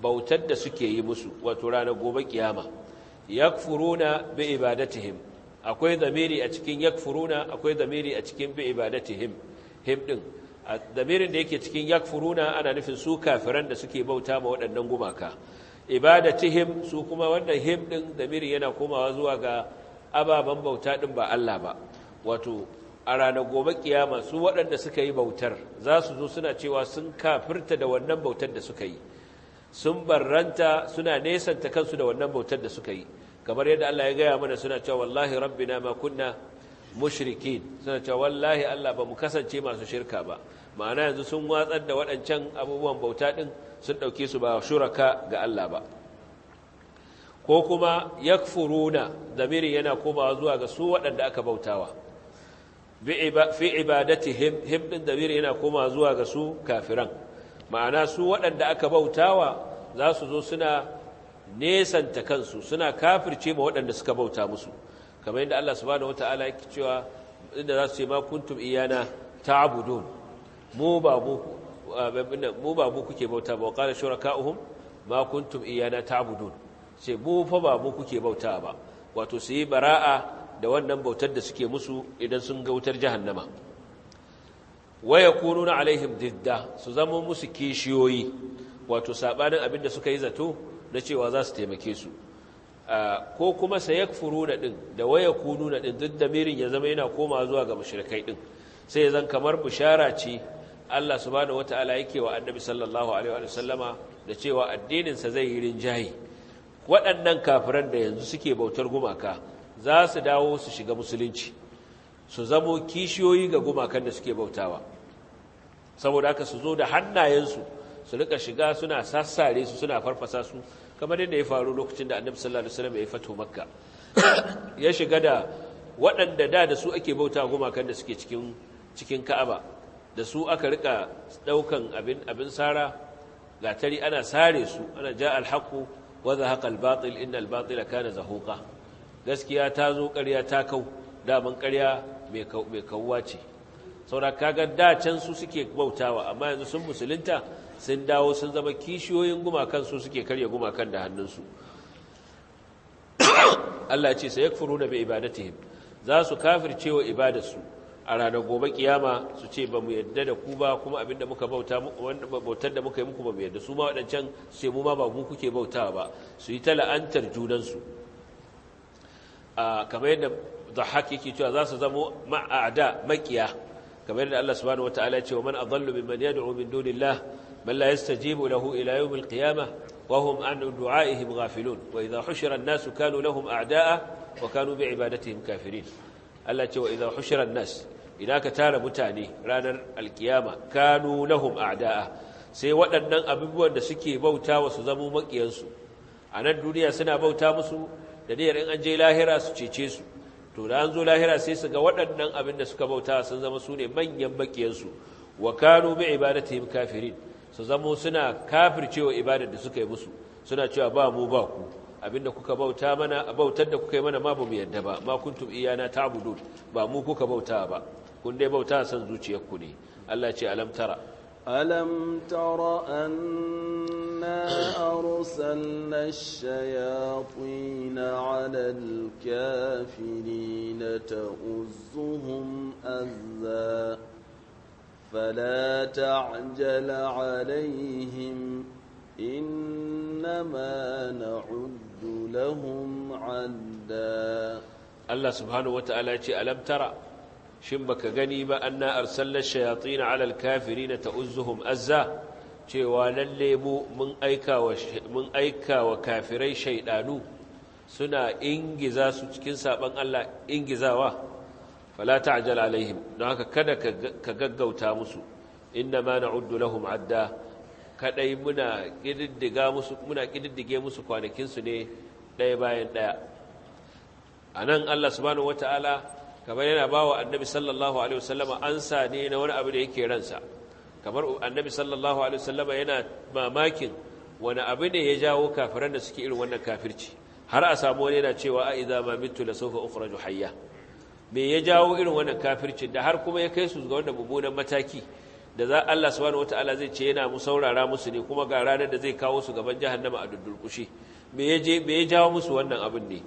bautar da suke yi musu wato ranar gobe kiyama yakfuruna bi ibadatihim akwai zamiri a cikin yakfuruna akwai zamiri a cikin bi ibadatihim him din zamirin da yake cikin yakfuruna ana nufin su kafiran da suke bauta ma waɗannan gumaka ibadatihim su kuma wannan him din zamiri yana komawa zuwa ga ababen bauta din ba Allah ba wato a ranar gobe kiyama su waɗanda suka yi bautar za su zo suna cewa sun kafirta da wannan bautar da suka yi sun barranta suna nesanta kansu da wannan bautar da suka yi kamar yadda Allah ya gaya mana suna cewa wallahi rabbina ma kunna mushrikin suna cewa wallahi Allah ba mu kasance masu shirka ba ma'ana yanzu sun watsar da waɗancan abubuwan bauta ɗin sun ɗauke su ba shuraka ga Allah ba ko kuma yakfuruna zamiri yana komawa zuwa ga su waɗanda aka bautawa fi ibadatihim him din zamiri yana komawa zuwa ga su kafiran ma'ana su waɗanda aka bautawa za su zo suna nesanta kansu suna kafirce ma waɗanda suka bauta musu kamar yadda Allah subhanahu wataala yake cewa inda za su ce ma kuntum iyana ta'budun mu ba mu mu ba mu kuke bauta ba qala shuraka'uhum ma kuntum iyana ta'budun ce mu fa ba mu kuke bauta ba wato su yi bara'a da wannan bautar da suke musu idan sun ga wutar jahannama waya kununa alaihim didda su zama musu kishiyoyi wato sabanin abin da suka yi zato na cewa za su taimake su ko kuma na ɗin da waya kununa din duk da mirin ya zama yana koma zuwa ga mushrikai din sai ya zan kamar bishara ce Allah subhanahu wataala yake wa annabi sallallahu alaihi wa sallama da cewa addinin sa zai yi rinjaye waɗannan kafiran da yanzu suke bautar gumaka za su dawo su shiga musulunci su zamo kishiyoyi ga gumakan da suke bautawa saboda haka su zo da hannayensu su rika shiga suna sassare su suna farfasa su kamar yadda ya faru lokacin da annabi sallallahu alaihi wasallam ya fito makka ya shiga da waɗanda da da su ake bauta gumakan da suke cikin cikin ka'aba da su aka rika daukan abin abin sara gatari ana sare su ana ja alhaqu wa zahaqa albatil innal batila kana zahuqa gaskiya ta zo ƙarya ta kau daman ƙarya mai kawuwa ce saura kaga da can su suke bautawa amma yanzu sun musulunta sun dawo sun zama kishiyoyin gumakan su suke karya gumakan da hannunsu Allah ce sai yakfuru da bai ibadatihim za su kafirce wa ibadarsu a ranar gobe kiyama su ce ba mu yadda da ku ba kuma abinda muka bauta bautar da muka yi muku ba mu yadda su ma waɗancan sai mu ma ba mu kuke bautawa ba su yi ta la'antar junansu kamar yadda zahak yake cewa za su zama ma'ada makiya kamar yadda Allah subhanahu wataala ya ce wa man adallu mimman yad'u min dunillah man la yastajibu lahu ila yawm al-qiyamah wa hum an du'a'ihim ghafilun wa idha hushira an-nas kanu lahum a'da'a wa kanu bi ibadatihim kafirin Allah ce wa idha hushira an-nas idan ka tara mutane ranar al-qiyama kanu lahum a'da'a sai waɗannan abubuwan da suke bauta wa su zamo maƙiyansu a nan duniya suna bauta musu da niyyar in an je lahira su cece su to da an zo lahira sai su ga waɗannan abin da suka bauta sun zama su ne manyan makiyansu wa kanu bi ibadatihim kafirin su zama suna kafircewa ibadar da suka yi musu suna cewa ba mu ba ku abin da kuka bauta mana bautar da kuka yi mana ma ba mu yadda ba ma kuntum iyana ta'budun ba mu kuka bauta ba kun dai bauta san zuciyarku ne Allah ce alam tara ألم تر أنا أرسلنا الشياطين على الكافرين تؤزهم أزا فلا تعجل عليهم إنما نعد لهم عدا الله سبحانه وتعالى ألم ترى shin baka gani ba anna arsalna shayatin ala alkafirin ta'uzzuhum azza cewa lalle mu mun aika wa mun aika wa kafirai shaydanu suna ingiza su cikin saban Allah ingizawa fala ta'jal alaihim don haka kada ka gaggauta musu inna ma na'uddu lahum adda kadai muna kididdiga musu muna kididdige musu kwanakin su ne ɗaya bayan ɗaya anan Allah subhanahu wataala kamar yana ba wa annabi sallallahu alaihi wasallama ansa ne na wani abu da yake ransa kamar annabi sallallahu alaihi wasallama yana mamakin wani abu ne ya jawo kafiran da suke irin wannan kafirci har a samu wani yana cewa a idza ma mitu la sawfa ukhraju hayya me ya jawo irin wannan kafircin da har kuma ya kai su ga wannan bubunan mataki da za Allah subhanahu wataala zai ce yana musaurara musu ne kuma ga ranar da zai kawo su gaban jahannama a duddurkushe me ya je me ya jawo musu wannan abin ne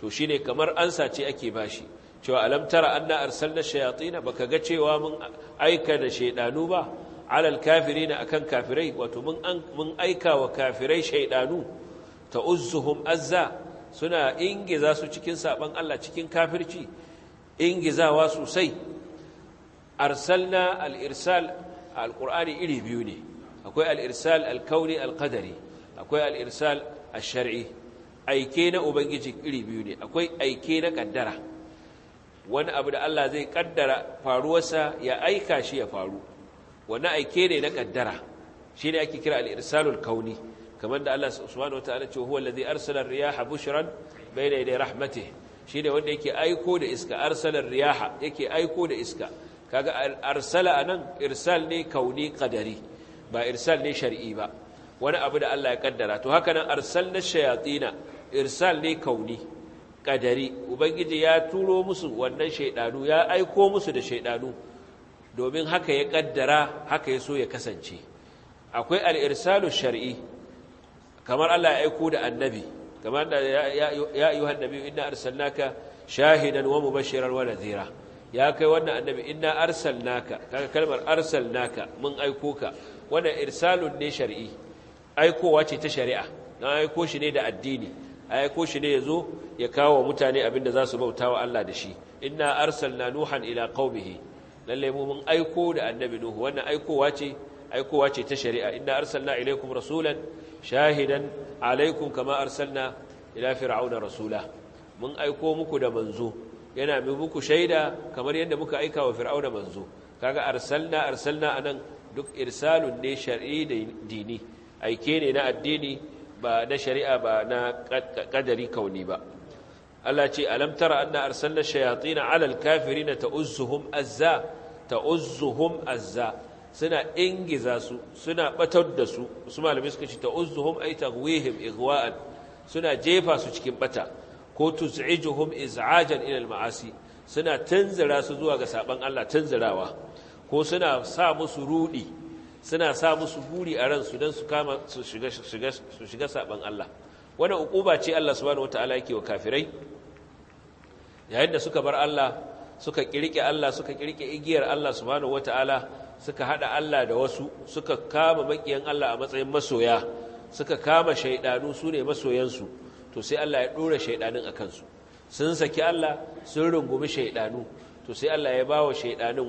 to shine kamar ansa ce ake bashi cewa alam tara anna arsalna shayatin baka ga cewa mun aika da shaydanu ba alal kafirin akan kafirai wato mun mun aika wa kafirai shaydanu ta'uzzuhum azza suna ingiza su cikin saban Allah cikin kafirci ingizawa sosai arsalna al-irsal al-qur'ani iri biyu ne akwai al-irsal al-kauni al-qadari akwai al-irsal al-shar'i aike na ubangiji iri biyu ne akwai aike na kaddara wani abu da Allah zai kaddara faruwarsa ya aika shi ya faru wani aike ne na kaddara shi ne ake kira al'irsalul kauni kamar da Allah subhanahu wataala ce huwa allazi arsala riyaha bushran bayna yaday rahmatih shi ne wanda yake aiko da iska arsala riyaha yake aiko da iska kaga arsala nan irsal ne kauni qadari ba irsal ne shari'i ba wani abu da Allah ya kaddara to haka nan na shayatina irsal ne kauni kadari ubangiji ya turo musu wannan shaidanu ya aiko musu da shaidanu domin haka ya kaddara haka ya so ya kasance akwai al'irsalu shar'i kamar Allah ya aiko da annabi kamar da ya yi annabi inna arsalnaka shahidan wa mubashiran wa nadhira ya kai wannan annabi inna arsalnaka kaga kalmar arsalnaka mun aiko ka wannan irsalun ne shar'i aikowa ce ta shari'a na aiko shi ne da addini a aiko shi ne ya zo ya kawo mutane abin da za su bauta wa Allah da shi inna arsalna nuhan ila qaumihi lalle mu mun aiko da annabi nuhu wannan aikowa ce aikowa ce ta shari'a inna arsalna ilaikum rasulan shahidan alaikum kama arsalna ila fir'auna rasula mun aiko muku da manzo yana mai muku shaida kamar yadda muka aika wa fir'auna manzo kaga arsalna arsalna anan duk irsalun ne shar'i da dini aike ne na addini ba na shari'a ba na kadari kauni ba Allah ce alamtara ana anna arsalna shayatin kafiri na ta'uzzuhum azza ta'uzzuhum azza suna ingiza su suna batar da su su malamai suka ce ta'uzzuhum ay taghwihim ighwa'an suna jefa su cikin bata ko tuz'ijuhum iz'ajan ila ma'asi suna tanzira su zuwa ga saban Allah tanzirawa ko suna sa musu rudi suna sa musu buri a ransu don su kama su shiga saban Allah wani ukuba ce Allah subhanahu wata'ala yake wa kafirai yayin da suka bar Allah suka kirke Allah suka kirke igiyar Allah subhanahu wata'ala suka hada Allah da wasu suka kama makiyan Allah a matsayin masoya suka kama shaiɗanu su ne masoyansu to sai Allah ya ɗora shaiɗanun a kansu sun saki Allah sun rungumi shaiɗanu, to sai Allah ya ba wa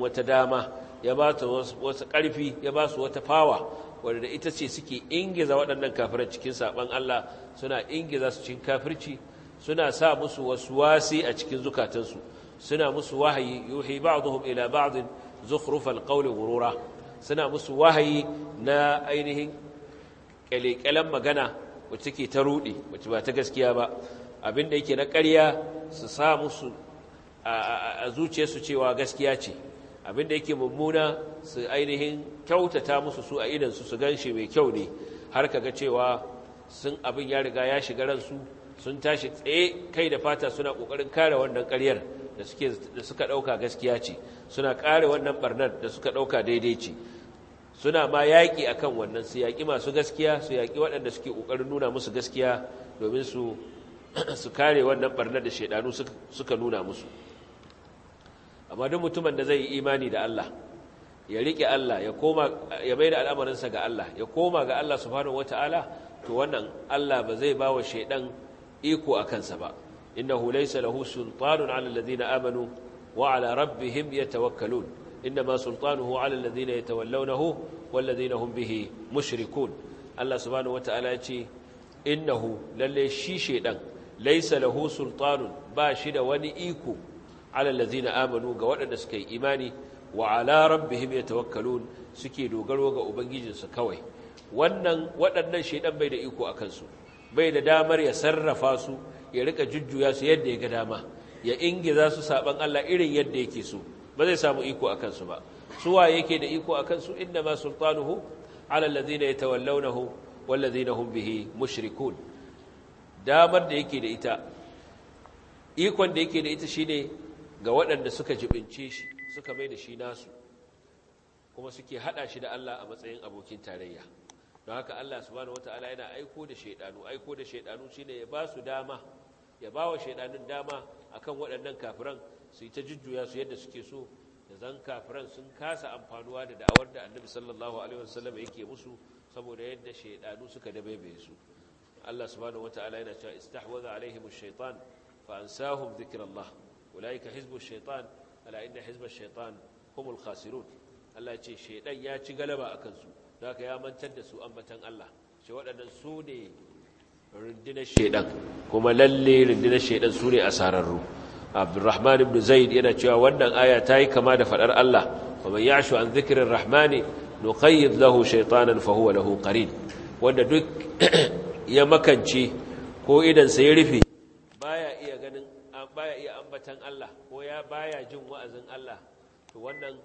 wata dama ya ba su wasu ƙarfi ya ba su wata fawa wadda ita ce suke ingiza waɗannan kafiran cikin saɓon Allah suna ingiza su cikin kafirci suna sa musu wasu wasi a cikin zukatansu suna musu wahayi yuhi ba'dhum ila ba'd zukhrufal qawli ghurura suna musu wahayi na ainihin kyalekyalen magana wacce ke ta rudi wacce ba ta gaskiya ba abinda yake na ƙarya su sa musu a zuciyarsu cewa gaskiya ce abin da yake mummuna su ainihin kyautata musu su a idansu su ganshi mai kyau ne har kaga cewa sun abin ya riga ya shiga ransu sun tashi tsaye kai da fata suna kokarin kare wannan ƙaryar da suke da suka dauka gaskiya ce suna kare wannan barnar da suka dauka daidai ce suna ma yaƙi akan wannan su yaƙi masu gaskiya su yaƙi waɗanda suke kokarin nuna musu gaskiya domin su su kare wannan barnar da shaidanu suka nuna musu amma duk mutumin da zai yi imani da Allah ya rike Allah ya koma ya mai da al'amarinsa ga Allah ya koma ga Allah subhanahu wataala to wannan Allah ba zai ba wa shaidan iko a kansa ba innahu laysa lahu sultanun 'ala alladhina amanu wa 'ala rabbihim yatawakkalun inma sultanuhu 'ala alladhina yatawallawnahu walladhina hum bihi mushrikun Allah subhanahu wataala ya ce innahu lalle shi shaidan laysa lahu sultanun ba shi da wani iko alal amanu ga waɗanda suka yi imani wa ala rabbihim yatawakkalun suke dogaro ga ubangijinsu kawai wannan waɗannan shedan bai da iko akan su bai da damar ya sarrafa su ya rika jujjuya su yadda ya ga dama ya ingiza su saban Allah irin yadda yake so ba zai samu iko akan su ba suwa yake da iko akan su inna ma sultanuhu ala alladhina yatawallawnahu walladhina hum bihi mushrikun damar da yake da ita ikon da yake da ita shine ga waɗanda suka jibince shi suka mai da shi nasu kuma suke haɗa shi da Allah a matsayin abokin tarayya don haka Allah subhanahu wata'ala yana aiko da shaidanu aiko da shaidanu shine ya ba su dama ya ba wa shaidanun dama akan waɗannan kafiran su yi ta jujjuya su yadda suke so da zan kafiran sun kasa amfanuwa da da'awar da annabi sallallahu alaihi wasallam yake musu saboda yadda shaidanu suka dabaibaye su Allah subhanahu wata'ala yana cewa istahwaza alaihim ash-shaytan fa ansahum dhikrallah ulaika hizbu shaitan ala inna hizbu shaitan humul khasirun ya ci galaba akan su zaka ya mantar da su ambatan Allah ce waɗannan su ne rundunar kuma lalle rundunar shaidan su asararru Abdurrahman ibn Zaid yana cewa wannan aya ta yi kama da fadar Allah wa ya'shu an dhikrir rahmani lahu wanda duk ya makance ko idan sa ya rufe baya iya ganin baya iya ambatan Allah ko ya baya jin wa'azin Allah to wannan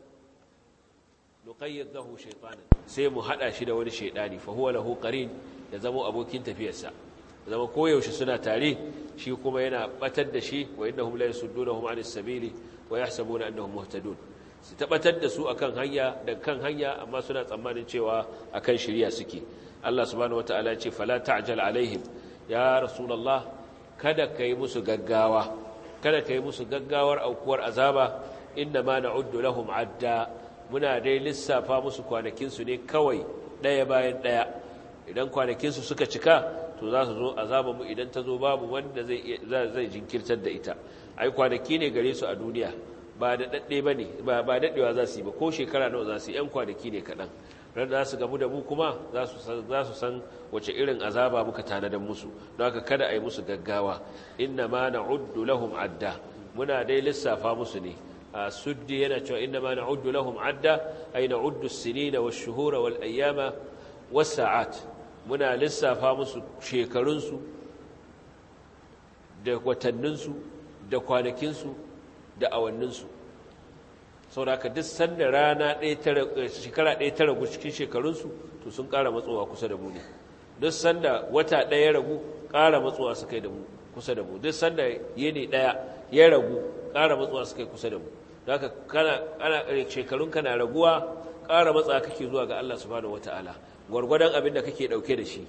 nuqayyidahu shaytanan sai mu hada shi da wani shaydani fa huwa lahu qarin ya zamo abokin tafiyarsa zama koyaushe suna tare shi kuma yana batar da shi wa innahum la yasuddunahum anis sabili wa yahsabuna annahum muhtadun su tabbatar da su akan hanya da kan hanya amma suna tsammanin cewa akan shirya suke Allah subhanahu wataala ce fala ta'jal alaihim ya rasulullah kada kai musu gaggawa kada ka yi musu gaggawar aukuwar azaba inna ma na'uddu lahum adda muna dai lissafa musu kwanakinsu ne kawai ɗaya bayan ɗaya idan kwanakinsu suka cika to za su zo azaba mu idan ta zo babu wanda zai jinkirtar da ita ai kwanaki ne gare su a duniya ba da daɗe ba ne ba daɗewa za su yi ba ko shekara nawa za su yi ‘yan kwanaki ne kaɗan ran za su gamu da mu kuma za su san wace irin azaba muka tanadar musu don haka kada a yi musu gaggawa inna ma uddu lahum adda muna dai lissafa musu ne a suddi yana cewa inna ma uddu lahum adda ay na'uddu as-sinina wash-shuhura wal-ayyama Wasu saat muna lissafa musu shekarunsu da watanninsu da kwanakinsu da awanninsu sau da aka duk sanda rana eh, shekara ɗaya ta ragu cikin shekarunsu to sun ƙara matsowa kusa da mu ne duk sanda wata ɗaya ya ragu ƙara matsowa su kai da mu kusa da mu duk sanda yini ɗaya ya ragu ƙara matsowa su kai kusa da mu da aka kana eh, shekarunka na raguwa ƙara matsa kake zuwa ga Allah subhanahu ta'ala gwargwadon abin da kake ɗauke da shi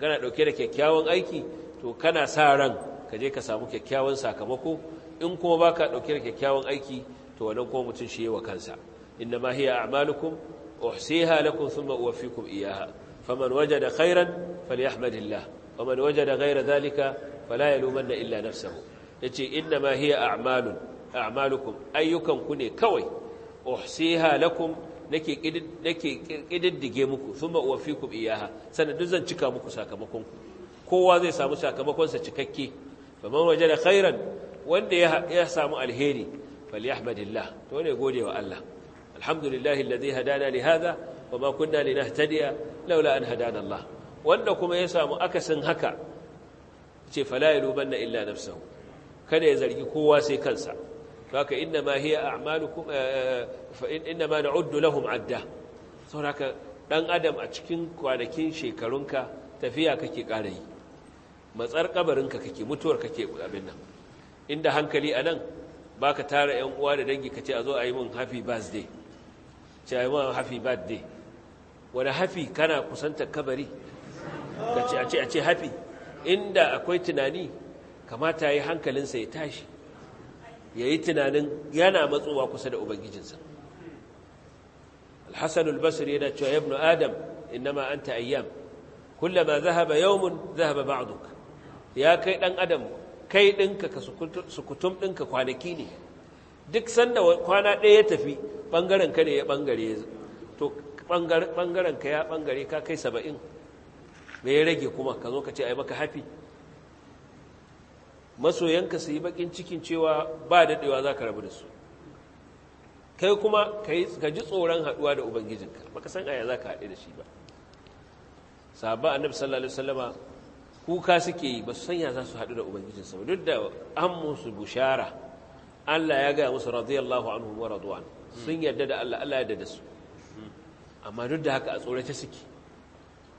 kana ɗauke da kyakkyawan aiki to kana sa ran ka je ka samu kyakkyawan sakamako in kuma baka ɗauke da kyakkyawan aiki to nan ko mutum shi wa kansa inna ma hiya a'malukum uhsiha lakum thumma uwaffikum iyyaha faman wajada khairan falyahmadillah waman wajada ghayra dhalika fala yalumanna illa nafsahu yace inna ma hiya a'malun a'malukum ayyukan ku ne kawai uhsiha lakum nake nake kididdige muku thumma uwaffikum iyyaha sanan duk zan cika muku sakamakon ku kowa zai samu sakamakonsa cikakke faman wajada khairan wanda ya samu alheri falyahmadillah to ne wa Allah alhamdulillahi alladhi hadana li hadha wama kunna linahtadiya laula an hadana Allah wanda kuma ya samu akasin haka ce fala yalubanna illa nafsuhu kada ya zargi kowa sai kansa haka inna ma hiya a'malukum fa inna ma na'uddu lahum adda saboda dan adam a cikin kwanakin shekarunka tafiya kake ƙara yi matsar kabarinka kake mutuwar kake abin nan inda hankali anan ba ka tara 'yan uwa da dangi ka ce a zo a yi min happy birthday ce a yi happy birthday wani happy kana kusantar kabari ka ce a ce a ce happy inda akwai tunani kamata ya yi hankalinsa ya tashi ya yi tunanin yana matsowa kusa da ubangijinsa alhassan albasir yana cewa ibnu adam innama anta ayyam kullama zahaba yawmun zahaba ba'duk ya kai dan adam kai ɗinka ka sukutum ɗinka kwanaki ne duk sanda kwana ɗaya ya tafi ɓangaren ka ne ya ɓangare to ɓangaren ka ya ɓangare ka kai saba'in me ya rage kuma ka zo ka ce ai maka hafi masoyanka su yi bakin cikin cewa ba daɗewa za ka rabu da su kai kuma ka ji tsoron haɗuwa da ubangijinka baka san aya za ka haɗe da shi ba sahabba annabi sallallahu alaihi wasallama kuka suke yi ba su sanya za su haɗu da ubangijin sama duk da an musu bushara Allah ya gaya musu radiyallahu anhu wa radwan sun yarda da Allah Allah ya yarda da su amma duk da haka a tsorace suke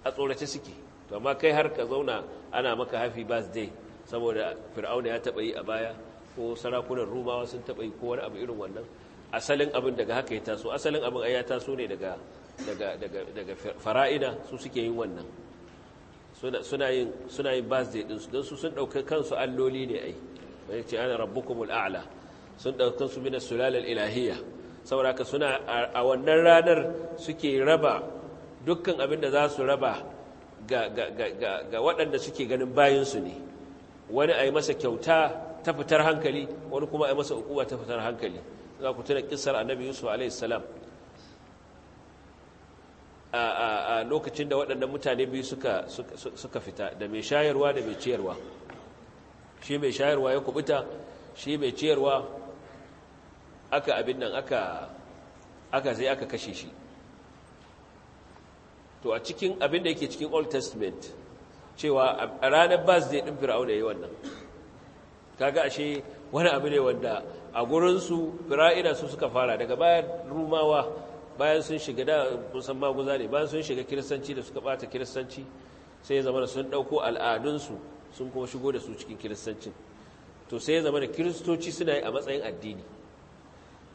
a tsorace suke to amma kai har ka zauna ana maka happy birthday saboda fir'auna ya taɓa yi a baya ko sarakunan rumawa sun taɓa yi ko wani abu irin wannan asalin abin daga haka ya taso asalin abin ai ya taso ne daga daga daga fara'ina su suke yin wannan suna yin suna yin birthday din su don su sun dauka kansu alloli ne ai wani ce ana rabbukumul a'la sun dauka kansu bina sulalal ilahiyya saboda haka suna a wannan ranar suke raba dukkan abin da za su raba ga ga ga ga waɗanda suke ganin bayin su ne wani ai masa kyauta ta fitar hankali wani kuma ai masa ukuwa ta fitar hankali za ku tuna kissar annabi yusuf alayhi salam a lokacin da waɗannan mutane biyu suka fita da mai shayarwa da mai ciyarwa shi mai shayarwa ya kubuta shi mai ciyarwa aka abin nan aka zai aka kashe shi to a cikin abin da yake cikin old testament cewa a ranar bas zai ɗin fir'auna ya yi wannan kaga ashe wani abu ne wanda a gurinsu fir'a'ina su suka fara daga bayan rumawa bayan sun shiga da kusan maguza ne bayan sun shiga kiristanci da suka bata kiristanci sai ya zama da sun ɗauko al'adunsu sun kuma shigo da su cikin kiristancin to sai ya zama da kiristoci suna yi a matsayin addini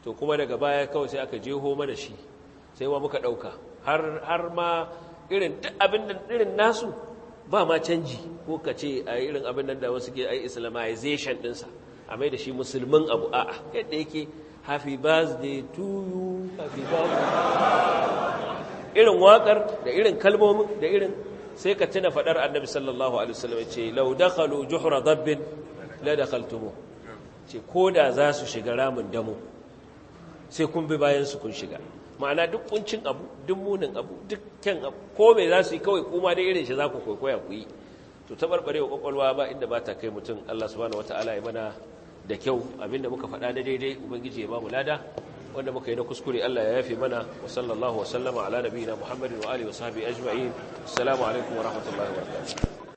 to kuma daga baya kawai sai aka jeho mana shi sai wa muka ɗauka har ma irin abin da irin nasu ba ma canji ko ka ce a irin abin da wasu ke a islamization ɗinsa a mai da shi musulmin abu a'a yadda yake happy birthday to you happy birthday irin wakar da irin kalmomin da irin sai ka tuna fadar annabi sallallahu alaihi wasallam ce law dakhalu juhra dabbin la dakhaltum ce koda za su shiga ramin damo sai kun bi bayan su kun shiga ma'ana duk kuncin abu duk munin abu duk kyan abu ko me za su yi kawai kuma da irin shi za ku kwaikwaya ku yi to tabarbarewa kwakwalwa ba inda ba ta kai mutum Allah subhanahu wataala ya mana da kyau abinda muka faɗa da daidai ubangiji ya ba mu lada wanda muka yi na kuskure Allah ya yafe mana wa sallallahu wa sallama ala nabiyina Muhammadin wa alihi wa sahbihi ajma'in assalamu alaikum wa rahmatullahi wa barakatuh